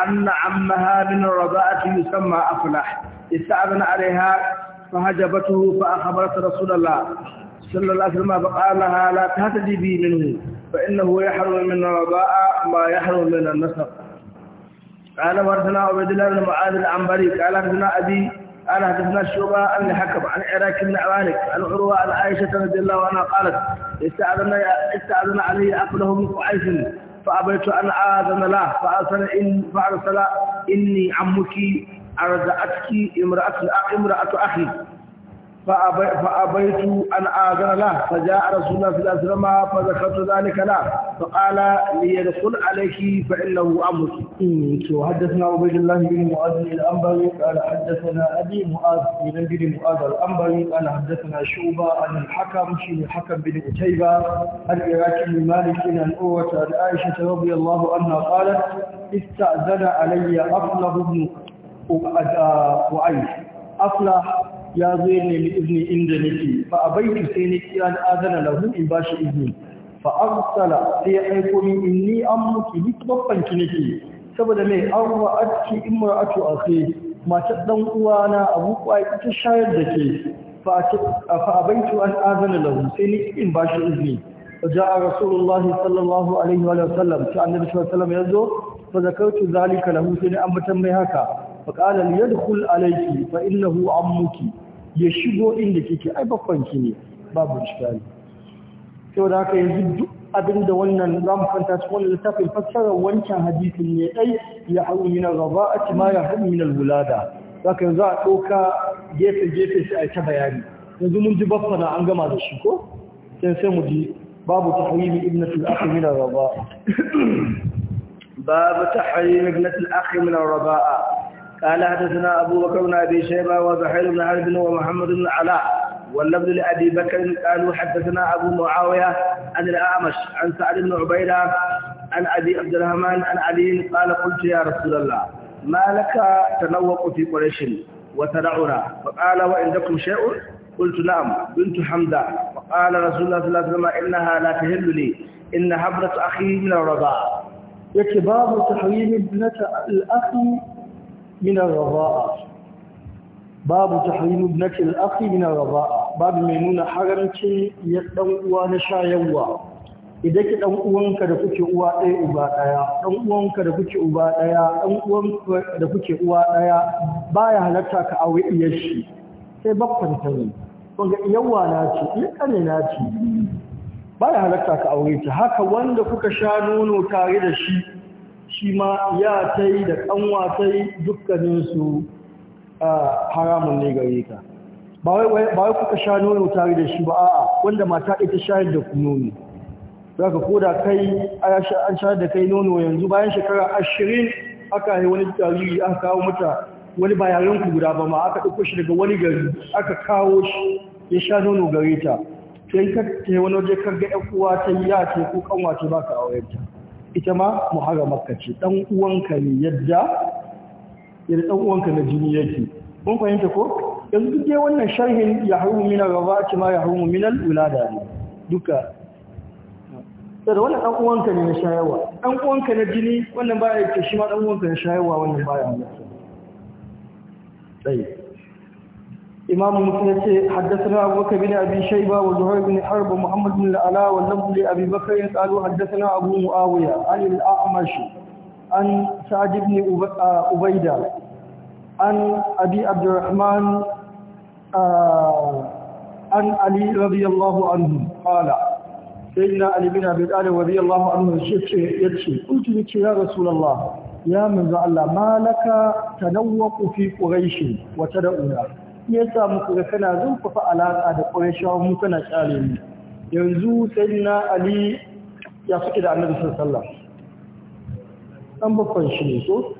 أن عمها من الرضاعة يسمى أفلح استعبنا عليها فهجبته فأخبرت رسول الله صلى الله عليه وسلم فقال لها لا تهتدي بي منه فإنه يحرم من الرضاعة ما يحرم من النسب قال ورثنا عبد الله بن معاذ العنبري قال حدثنا أبي أنا حدثنا الشعبة أن حكم عن عراك بن عوانك عن عروة عن عائشة رضي الله عنها قالت استعذنا, استعذنا علي عقله من قعيس فأبيت أن آذن له فأرسل إن فأرسل إني عمك أرزأتك امرأة امرأة أخي فأبيت أن آذن له فجاء رسول الله صلى الله عليه وسلم فذكرت ذلك له فقال ليدخل عليك فإنه أمرك حدثنا عبيد الله بن معاذ الأنبري قال حدثنا أبي معاذ بن بن معاذ الأنبري قال حدثنا شعبة عن الحكم شين الحكم بن أتيبة العراقي بن مالك عن أوة عن عائشة رضي الله عنها قالت استأذن علي أفلح بن وعيش أفلح ya zo ya nemi izini inda nake fa abaitu sai ni kira da azana lahu in ba shi izini fa arsala sai ya aiko min inni an muki ni babban ki nake saboda mai an ra'atki imra'atu akhi matar dan uwana abu kwai ta shayar da ke fa abaitu an azana lahu sai ni in ba shi izini فجاء رسول الله صلى الله عليه وسلم كان النبي صلى الله عليه وسلم يزور فذكرت ذلك له سنة أمتن haka. faƙalar yadkhul alaiki fa innahu ammuki ya shigo inda kike ai babbanki ne babu iskali sau da haka yanzu duk abin da wannan zamu kanta cikin wannan littafin fassarar wancan hadisin ne dai ya haru min al-ghaba'ati ma ya haru min al-wulada zaka yanzu a ɗauka gefe gefe sai a ta bayani yanzu mun ji baffana an gama da shi ko sai sai mu ji babu tahrimi ibnati al-akhi min al-ghaba'a babu tahrimi ibnati al-akhi min al-ghaba'a قال حدثنا أبو بكر بن أبي شيبة وزحير بن حرب ومحمد بن علاء واللفظ لأبي بكر قالوا حدثنا أبو معاوية عن الأعمش عن سعد بن عبيدة عن أبي عبد الرحمن عن علي قال قلت يا رسول الله ما لك تنوق في قريش وتدعنا فقال وعندكم شيء قلت نعم بنت حمزة فقال رسول الله صلى الله عليه وسلم إنها لا تهل لي إن حبرة أخي من الرضاعة يكي باب تحويل ابنة الأخ من الرضاء باب تحريم ابنك الأخ من الرضاء باب ميمونة حرمتي يتنقوى نشايوى idan ki dan uwanka da kuke uwa ɗaya uba ɗaya dan uwanka da kuke uba ɗaya dan uwanka da kuke uwa ɗaya baya halatta ka aure iyar shi sai bakkon ta ne kun ga yawa na ce iya kane na ce baya halatta ka aure ta haka wanda kuka sha nono tare da shi shi ma ya ta yi da ƙanwa ta yi dukkaninsu haramun ne gare ka ba wai kuka sha nono tare da shi ba a'a wanda mata ita shayar da ku nono za ka koda kai an shayar da kai nono yanzu bayan shekara ashirin aka yi wani jariri aka kawo mata wani bayaran ku guda ba ma aka ɗauko shi daga wani gari aka kawo shi ya sha nono gare ta sai ka wani waje ka ga ƴan uwa ta yi ya ce ko kanwa ce ba ka aurenta ita ma maka ce dan uwanka ne yadda yadda dan uwanka na jini yake mun fahimta ko yanzu duk dai wannan sharhin ya haru min al ce ma ya haru min al-wulada ne duka sai da wannan dan uwanka ne na shayarwa ɗan uwanka na jini wannan baya yake shi ma dan uwanka na shayarwa wannan baya mutu sai إمام مسلم حدثنا أبو بكر بن أبي شيبة وزهير بن حرب ومحمد بن العلاء واللفظ لأبي بكر قالوا حدثنا أبو معاوية عن الأعمش عن سعد بن عبيدة عن أبي عبد الرحمن عن علي رضي الله عنه قال سيدنا علي بن أبي طالب رضي الله عنه يتشي قلت لك يا رسول الله يا من الله ما لك تنوق في قريش وتدعونا ya samu kaga kana zurfafa alaƙa da Qurayshawa mu kana kyale mu yanzu na Ali ya suke da Annabi sallallahu alaihi wasallam an bakon shi ne so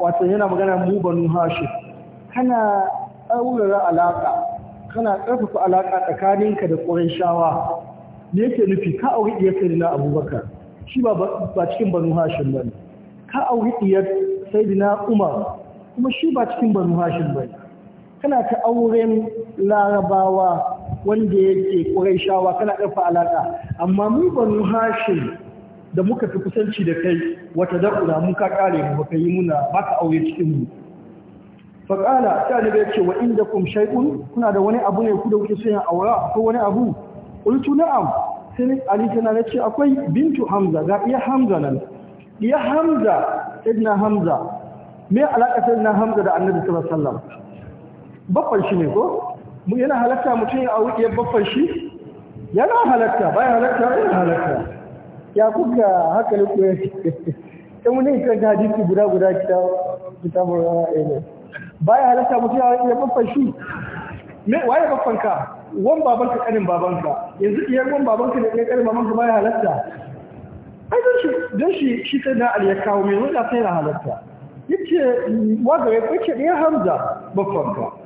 wato yana magana mu banu hashe kana aurara alaƙa kana karfafa alaƙa tsakaninka da Qurayshawa ne yake nufi ka auri sai sayyidina Abubakar shi ba ba cikin banu ba ne ka auri sai sayyidina Umar kuma shi ba cikin banu ba ne. kana ta auren larabawa wanda yake shawa kana ɗarfa alaƙa amma mu banu hashim da muka fi kusanci da kai wata daƙuda mun ka ƙare mu baka yi muna ka aure cikin mu faƙala ta ne ya ce wa inda kum shaikun kuna da wani abu ne ku da kuke son aura ko wani abu qultu na'am sai ali tana da ce akwai bintu hamza ga iya hamza nan iya hamza ibn hamza me alaƙa na hamza da annabi sallallahu alaihi wasallam baffan shi ne ko mu yana halatta mutum ya auri baffan shi yana halatta baya halatta yana halatta ya kuka haka ne ko Kuma wani kan hadisi guda guda kita kita mu ne ya halatta mutum ya auri baffan shi me waye baffan ka wan baban ka kanin ka, yanzu iyar wan ka, da kai kanin ba ya halatta ai don shi don shi shi sai na ya kawo mai wanda sai na halatta yace wagare kwace ne hamza baffan ka?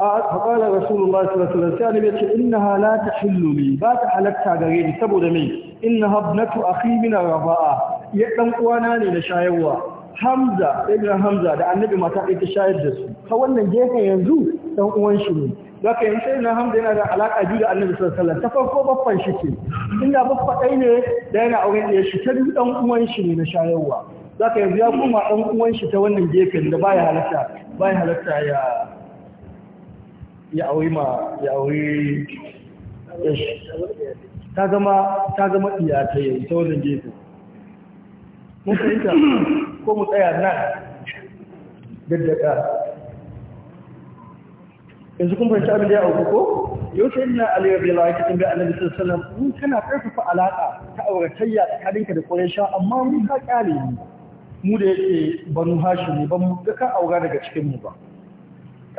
A'a, rasulun ba su rasulun sai annabi ce inna halata hilluli ba ta halatta gare ni saboda mai inna habnatu akhi min rafa'a ya dan uwana ne na shayarwa hamza ibn hamza da annabi mata ɗaya shayar da su ta wannan gefen yanzu dan uwan shi ne zaka yanzu sai na hamza yana da alaka biyu da annabi sallallahu alaihi wasallam ta farko baffan shi ce inda baffa ne da yana auren ɗaya shi ta biyu dan uwan shi ne na shayarwa yanzu ya koma dan uwan shi ta wannan gefen da baya halatta halatta ya auri ma ya auri ta zama ta zama iya ta yi ta wajen gefe mun fahimta ko mu tsaya nan daddaka yanzu kun fahimci abin da ya auku ko yau sai ina aliyar da ya kitan bai annabi sallallahu alaihi wasallam in kana karfafa alaka ta auratayya tsakaninka da quraisha amma mun ka kyale mu mu da yake banu hashimi ban ga ka aura daga cikin mu ba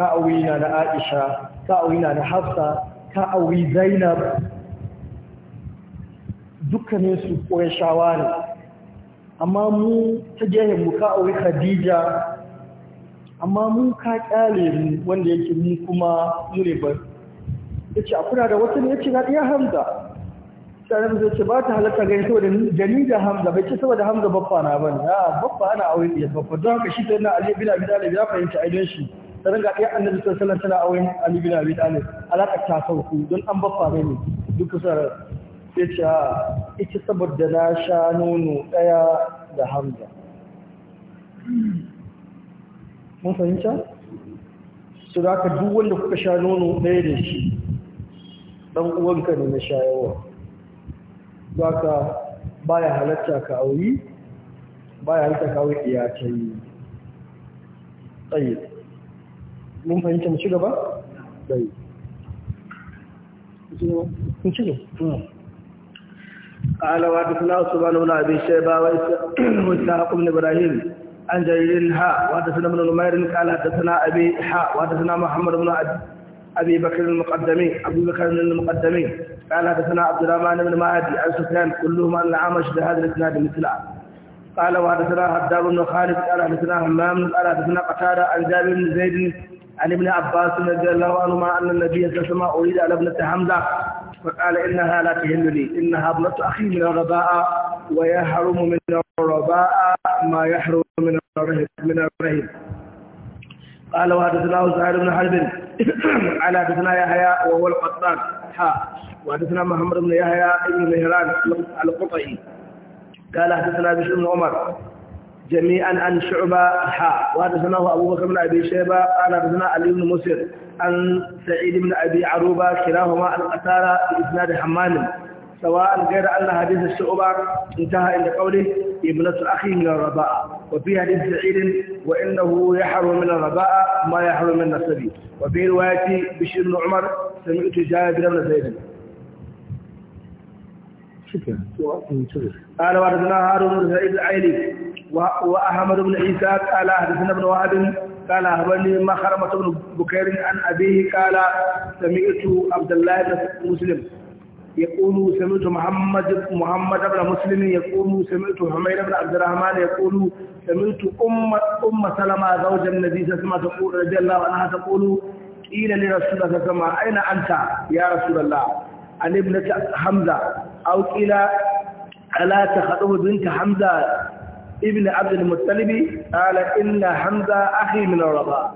auri na na aisha auri na na hafsa ka'awi zainab dukkaninsu shawa ne amma mu ta gehen mu ka'awi khadija amma mu ka ƙyale mu wanda yake mu kuma mu ne ba ya ce akuna da wata ne ya ce na ɗaya hamza tsarin zai ce ba ta halatta gani saboda gani da hamza bai ce saboda hamza baffa na ban ya baffa ana aure da babba don haka shi ta yana bila bina da ya fahimta aidan shi sannan ga ɗaya annabi sallallahu tana auren Ali bin Abi Talib alaƙa ta sauku don an baffa mai ne duka ya ce ah, ita saboda na sha nono ɗaya da Hamza mun fahimta su da ka duk wanda kuka sha nono ɗaya da shi ɗan uwanka ne na sha yawa za ka baya halatta ka auri baya halatta ka auri iyakai tsaye mun fahimta mu ci gaba? bai mun ci gaba hmm. قال وحدثنا سبحان بن ابي شيبه واسحاق بن ابراهيم عن جرير ها وحدثنا ابن نمير قال حدثنا ابي ها وحدثنا محمد بن ابي بكر المقدمي أبو بكر المقدمي قال حدثنا عبد الرحمن بن مهدي عن سفيان كلهم عن العمش بهذا الاسناد مثله قال وحدثنا حداد بن خالد قال حدثنا همام قال حدثنا قتاده عن جابر بن زيد عن ابن عباس رضي الله عنهما أن النبي صلى الله عليه وسلم أريد على ابنة حمزة فقال إنها لا لي إنها ابنة أخي من الرباء ويحرم من الرباء ما يحرم من الرهب من الرهب قال وحدثنا سعيد بن حرب على حدثنا يحيى وهو القطان حا وحدثنا محمد بن يحيى بن مهران القطعي قال حدثنا بشر بن عمر جميعا عن شعبة حاء وحدثناه أبو بكر بن أبي شيبة قال حدثنا علي بن مسر عن سعيد بن أبي عروبة كلاهما عن بإسناد حمام سواء غير أن حديث الشعبة انتهى عند قوله ابنة أخي من الرباء وفي حديث سعيد وإنه يحرم من الرباء ما يحرم من النسب وفي رواية بشير بن عمر سمعت جابر بن زيد قال وحدثنا هارون بن سعيد العيلي واحمد بن عيسى قال حدثنا ابن وهب قال اخبرني مخرمة بن بكير عن ابيه قال سمعت عبد الله بن مسلم يقول سمعت محمد محمد بن مسلم يقول سمعت حمير بن عبد الرحمن يقول سمعت ام ام سلمة زوج النبي صلى الله عليه وسلم تقول رضي الله عنها تقول قيل لرسول الله صلى الله عليه وسلم اين انت يا رسول الله عن ابنة حمزة أو كلا ألا تخطب بنت حمزة ابن عبد المطلب قال إن حمزة أخي من الرضا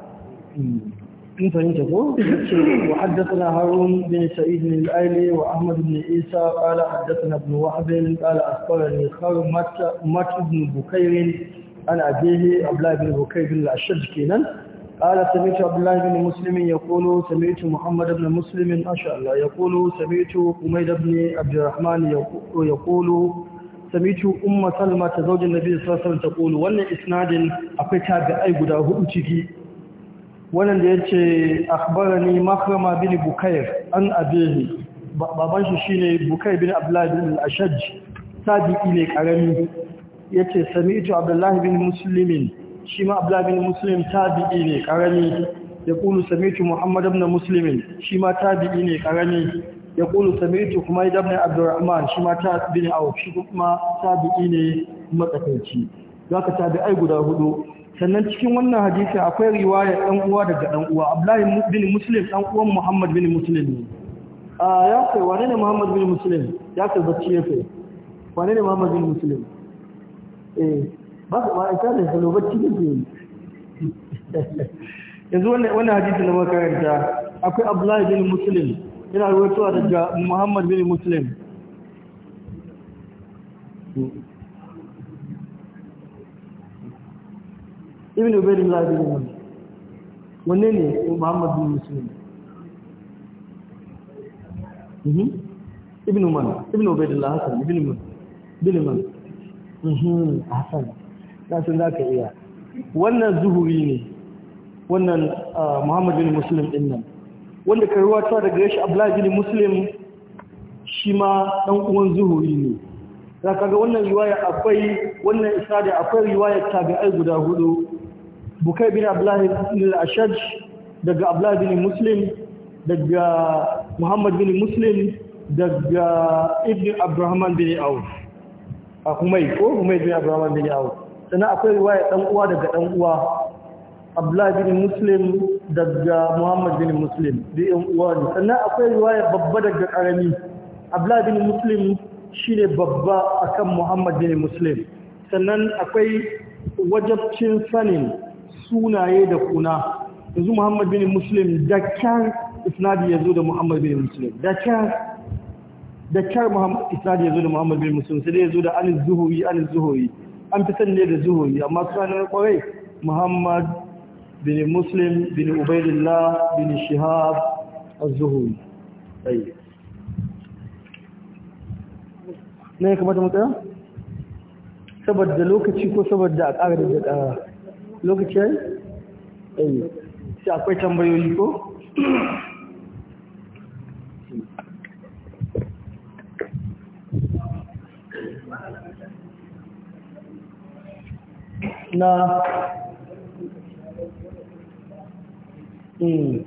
كيف ينتقل؟ وحدثنا هارون بن سعيد بن الأيلي وأحمد بن عيسى قال حدثنا ابن وهب قال أخبرني خرمة مات بن بكير عن أبيه عبد الله بن بكير بن الأشد كينا قال سمعت عبد الله بن مسلم يقول سمعت محمد بن مسلم أشعل يقول سمعت أميد بن عبد الرحمن يقول, يقول سمعت أم سلمة زوج النبي صلى الله عليه وسلم تقول وأن إسناد أقيتها بأي قد أهؤتك وأن أخبرني مخرم بن بكير عن أبيه baban shi shine Bukai bin Abdullah bin Al-Ashaj tabi'i ne karami yace sami'tu Abdullah bin Muslimin shi ma ablabin ta tabi'i ne ƙarami. ya kulu samitu muhammad na musulmin shi ma tabi'i ne ƙarami. ya kulu samitu kuma ibn abdurrahman shi ma tabi'i ne a shi kuma tabi'i ne matsakaici zaka tabi'ai guda hudu sannan cikin wannan hadisin akwai riwaya ɗan uwa daga ɗan uwa abdullahi bin musulun ɗan uwan muhammad bin musulun ne a ya kai wane ne muhammad bin muslim ya kai bacci ya kai wane ne muhammad bin muslim eh ba su ba ita da salo bacci da ke yanzu wannan hadisi na makaranta akwai abdullahi bin muslim yana ruwatuwa daga muhammad bin muslim ibn ubaidillah bin muslim wanne ne muhammad bin muslim mhm. ibn umar ibn ubaidillah hasan ibn umar ibn umar mhm, hasan na san za ka iya wannan zuhuri ne wannan ah, muhammad bin muslim din nan wanda ka ruwata daga shi abdullahi bin muslim shi ma dan uwan zuhuri ne za ka ga wannan riwaya akwai wannan isada akwai riwayar 'ai guda hudu bukai bin abdullahi bin ashaj daga abdullahi bin muslim daga muhammad bin muslim daga ibn abrahman bin awf a ah, humay ko humay bin abrahman bin awf sannan akwai riwaya dan uwa daga dan uwa Abdullah bin Muslim daga Muhammad bin Muslim da yan uwa ne sannan akwai riwaya babba daga karami Abdullah bin Muslim shine babba akan Muhammad bin Muslim sannan akwai wajabcin sanin sunaye da kuna yanzu Muhammad bin Muslim da kyan isnadi yazo da Muhammad bin Muslim da kyan da kyar Muhammad Isnad ya da Muhammad bin Muslim sai ya zo da Anis Zuhuri Anis Zuhuri an fi sanne da zuhuri amma suna na kwarai muhammad bin muslim bin ubaidillah bin shihab al zuhuri Na yi kamata matsaya? saboda lokaci ko saboda a ƙara da jaɗa lokaci ya yi? sai akwai tambayoyi ko? na hmm.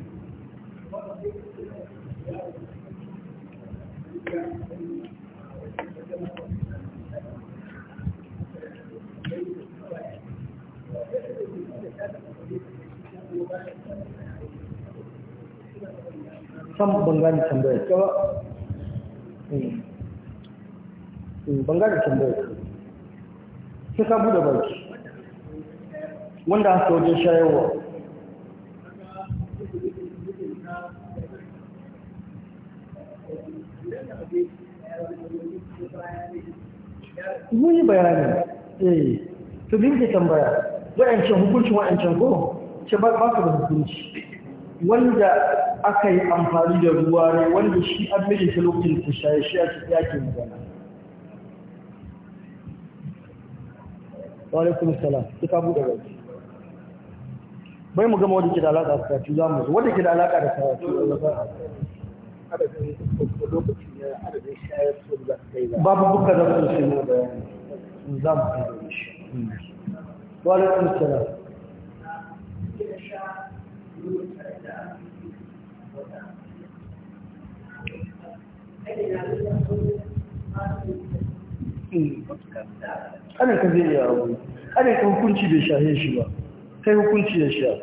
sam ban gane tambayar ta ba hmm. Hmm, ban gane tambayar ta ka bude baki wanda haka wajen shayarwa mun yi bayani eh to bin ke tambaya wa'ancan hukuncin wa'ancan ko ce ba ka da hukunci wanda aka yi amfani da ruwa ne wanda shi an mijin ta lokacin ku shaye shi a cikin yake magana wa alaikum salam duka buɗe gaji. bai mu gama wadda ke da alaƙa da karatu za mu zo wadda ke da alaƙa da karatu babu buka da su shi mu bayani za mu kai da shi wa alaikum salam hmm. kanin ka zai yi a wani kanin ka hukunci bai shahe shi ba sai hukunci ya sha ya.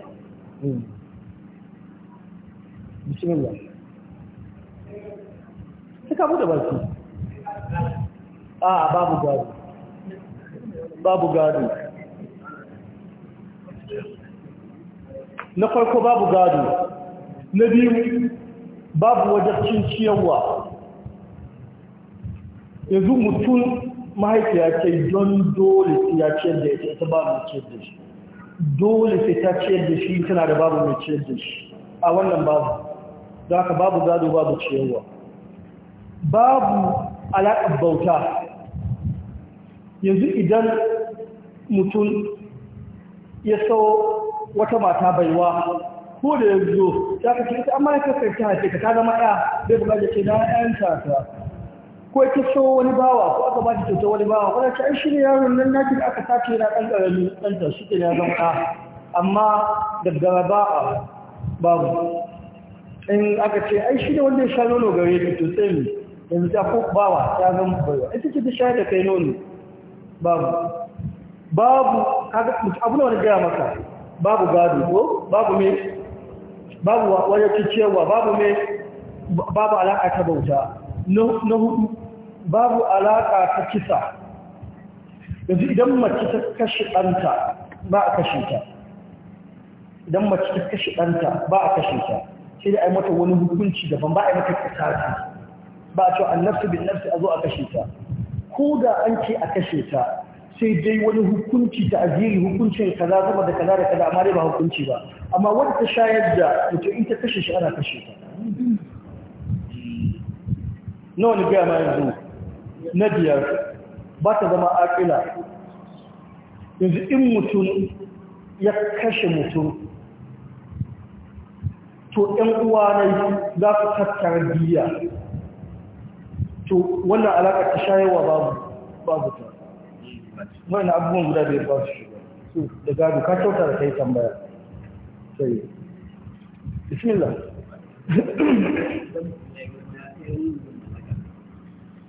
sai ka da baki a babu gado babu gado na farko babu gado na biyu babu wajen ciyarwa yanzu mutum mahaifiya ce don dole ya ciyar da ce ta babu mu ciyar da shi dole sai ta ciyar da shi tana da babu mai ciyar da shi a wannan babu za ka babu gado babu ciyarwa babu alaƙar bauta yanzu idan mutum ya sau wata mata baiwa ko da yanzu ya kasance ita amma ya kasance ta ka ta zama ɗaya bai buga ce na 'yan ta ko ya so wani bawa ko aka ba shi kyauta wani bawa ko ta shi ne yaron nan naki da aka sace na dan ƙarami dan ta shi ne ya zama ɗa amma daga ba babu in aka ce ai shi ne wanda ya sha nono gare ni to sai ni yanzu ta ko bawa ta zama bawa ai ce ta sha da kai nono babu babu kaga abu ne wani gaya maka babu gado ko babu me babu wajen ciyarwa babu me babu alaƙa ta bauta na hudu babu alaƙa ta kisa yanzu idan mace ta kashe ɗanta ba a kashe ta idan mace ta kashe ɗanta ba a kashe ta sai da a yi mata wani hukunci daban ba a yi mata kasasi ba a cewa annabta bin nafsi a zo a kashe ta ko da an ce a kashe ta sai dai wani hukunci ta aziri hukuncin kaza zama da kaza da kaza amma dai ba hukunci ba amma wanda ta shayar da mutum in ta kashe shi ana kashe ta nawa ne gaya ma yanzu na biyar ba ta zama akila yanzu in mutum ya kashe mutum to ɗan uwa na yi za su tattara biya to wannan alaƙa ta shayarwa babu mu ta na abubuwan guda da ya ba su da gado ka kyauta da ta yi tambaya sai bismillah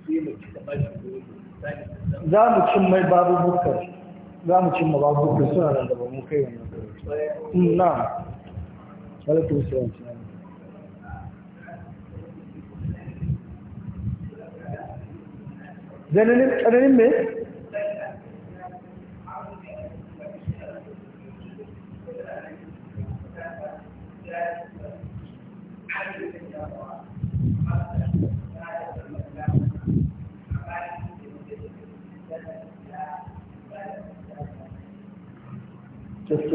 you. za mu cin mai babu bukar za mu cin babu bukar suna da gaba kai wannan hmm, na mai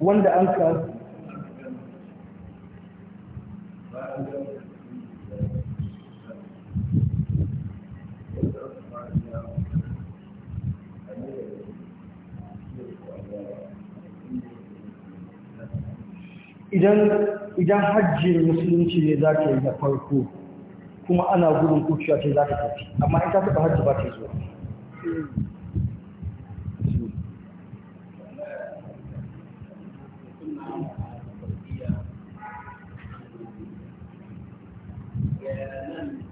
wanda an ka idan hajji musulunci ne za ka yi da farko kuma ana gudun kuciya ce za ka tafi amma in ta hajji ba ta zuwa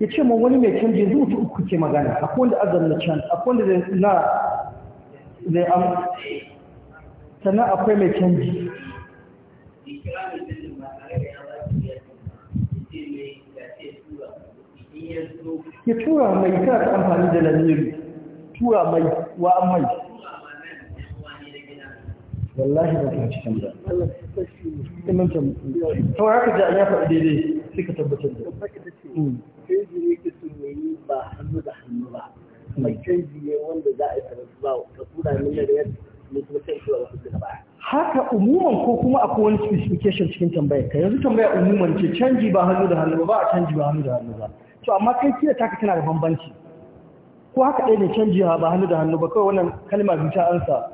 ya ce ma wani mai canji zuwa ta uku ke magana akwai da azan na can akwai da na zai am sannan akwai mai canji ya tura mai kara amfani da laliri tura mai wa'an mai wallahi ba ta cikin da ta to haka da ya faɗi daidai sai ka tabbatar da sai ke ba hannu da hannu ba mai canji ne wanda za a yi kura min da haka umuman ko kuma akwai wani specification cikin tambayar ka yanzu tambaya umuman ce canji ba hannu da hannu ba a canji ba hannu da hannu ba to amma kai kira taka tana da bambanci ko haka ɗaya ne canji ba hannu da hannu ba kawai wannan kalma zuciya ansa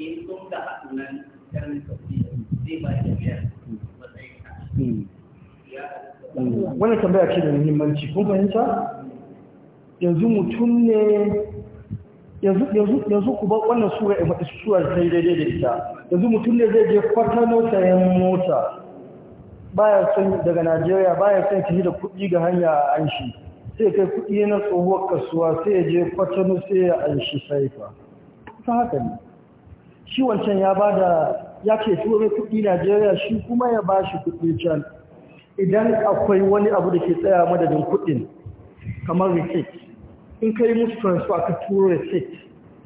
in sun ka haɗu da Wannan tambaya ce da muhimmanci, kun fahimta? Yanzu mutum ne yanzu ku ba wannan sura ya faɗi sura ta daidai da ita yanzu mutum ne zai je kwatano sayan mota baya son daga najeriya baya son yi da kuɗi ga hanya a an shi sai kai kuɗi na tsohuwar kasuwa sai ya je kwatano sai ya anshi shi saifa haka ne Ciwon can ya ba da ya ce turai kuɗi najeriya shi kuma ya ba shi kuɗi can idan akwai wani abu da ke tsaya madadin kuɗin kamar receipt in kai musu transfer ka turo receipt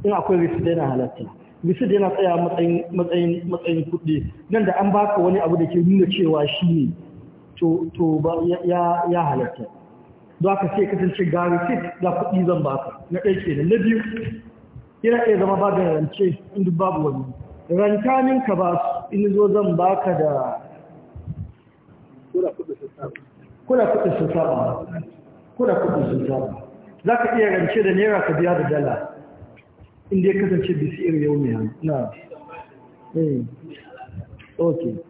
in akwai receipt yana halatta receipt yana tsaya matsayin kuɗi nan da an baka wani abu da ke nuna cewa shi ne to ya halatta za ka sai kasance ga receipt ga kuɗi zan baka na ɗaya kenan na biyu yana iya zama ba da rance inda babu wani ranta min ka ba su in zo zan baka da kuna kuɗi sun saba kuna kuɗi sun saba za ka iya rance da naira ka biya da dala inda ya kasance bisi yau mai na eh. ok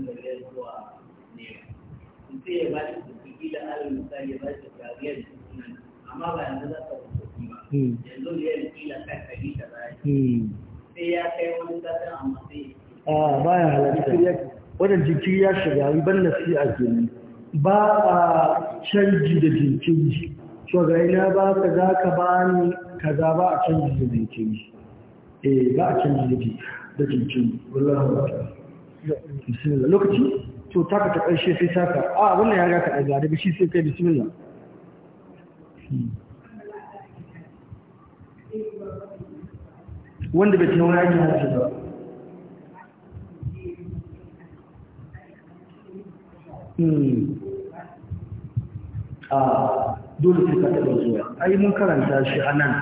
mai zuwa kila alal ba yanzu za ba hmm. hmm. sai ya kai wani zaton amma sai a baya halatta ya shiga ba a canji da jinkiri ina ba ka za ka ba ni kaza ba a canji da jinkiri eh ba a canji da jinkiri wallahu lokaci to taka ta ƙarshe sai taka a wannan ya ga ka ɗaga daga shi sai kai bismillah wanda bai tunawa ya gina shi ba hmm. a dole sai ka taɓa zuwa ai mun karanta shi a nan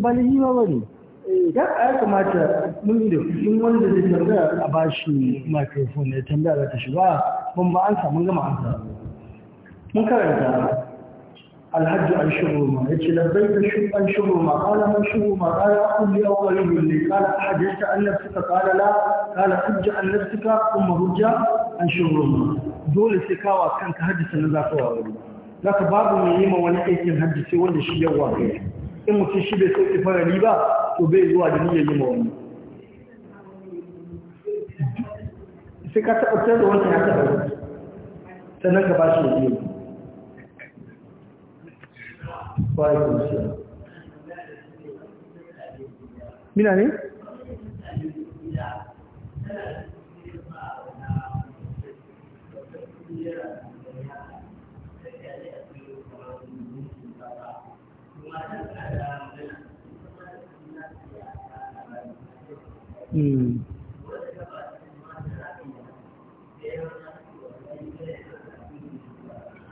ba ne ba eh, ne ya ya kamata mun da in wanda zai tambaya a bashi microphone ya tambaya za ta shiga mun ba an samu gama an samu mun karanta alhaji an shigo ma ya ce labbai da shi an shigo ma kala man shigo ma kala kulli awwal ne, kala haditha an nafsika kala la kala hujja an nafsika kuma hujja an shigo ma dole sai kawa kanka hadisa na ka wa wani zaka babu mai yi ma wani aikin hadisi wanda shi yawa kai in mutum shi bai sauke farari ba to bai zuwa da niyyar yi mawani sai ka taɓa tsaye da wani ya taɓa wani nan ka ba shi wani yi ba ya kuma shi mina ne?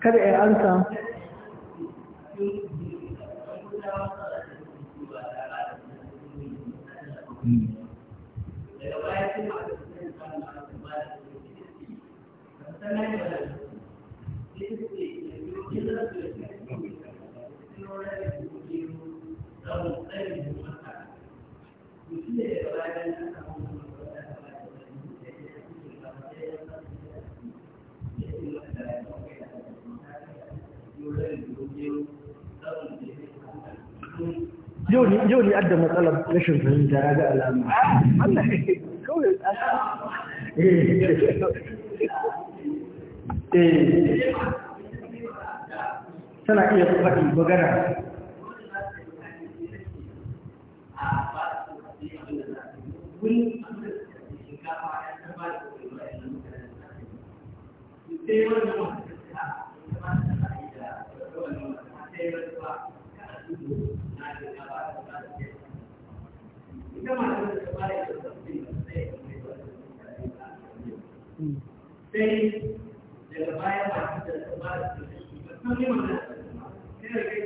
kada ya ansa جوني جوني أقدم طلب ليش أنت أنت هذا الأمر أنا كل أنا إيه إيه سنة إيه بقى Thank you. ita matar da ta fara ita tafsiri sai daga baya matar da ta da tafsiri ba san yi mana sai da kai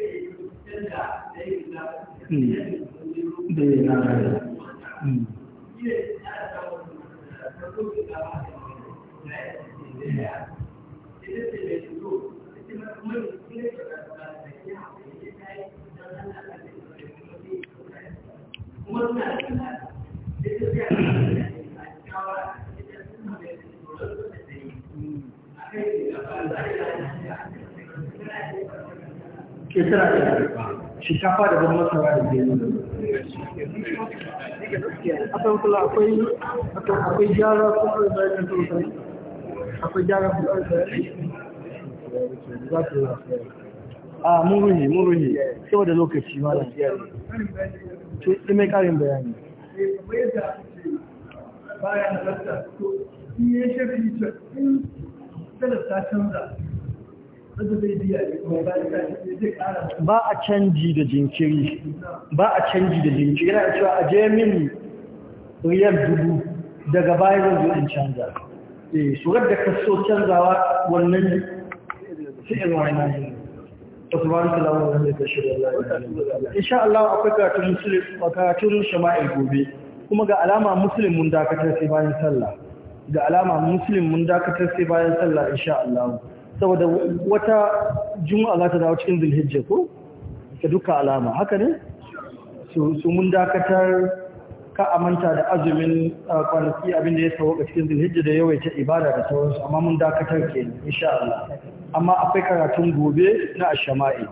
ke da da yi da da yi hmm. da akwai akwai gyara kuma da ya akwai gyara kuma da ya a mun mun da mai karin bayani ba a canji da jinkiri ba a canji da jinkiri yana cewa a je riyar dubu daga baya zan zo in canza eh surar da kaso canzawa wannan fi'il wannan ne tabaraka Allah wa bihamdihi ashhadu an la ilaha illa anta insha Allah akwai karatun muslim karatun shama'il gobe kuma ga alama muslim mun dakatar sai bayan sallah ga alama muslim mun dakatar sai bayan sallah insha Allah saboda wata juma'a za ta dawo cikin zulhijja ko ka duka alama haka ne su mun dakatar ka amanta da azumin uh, kwanaki abin da ya sauka cikin zulhijja da yawaita ibada da sauransu amma mun dakatar ke insha Allah amma akwai karatun gobe na ashama'i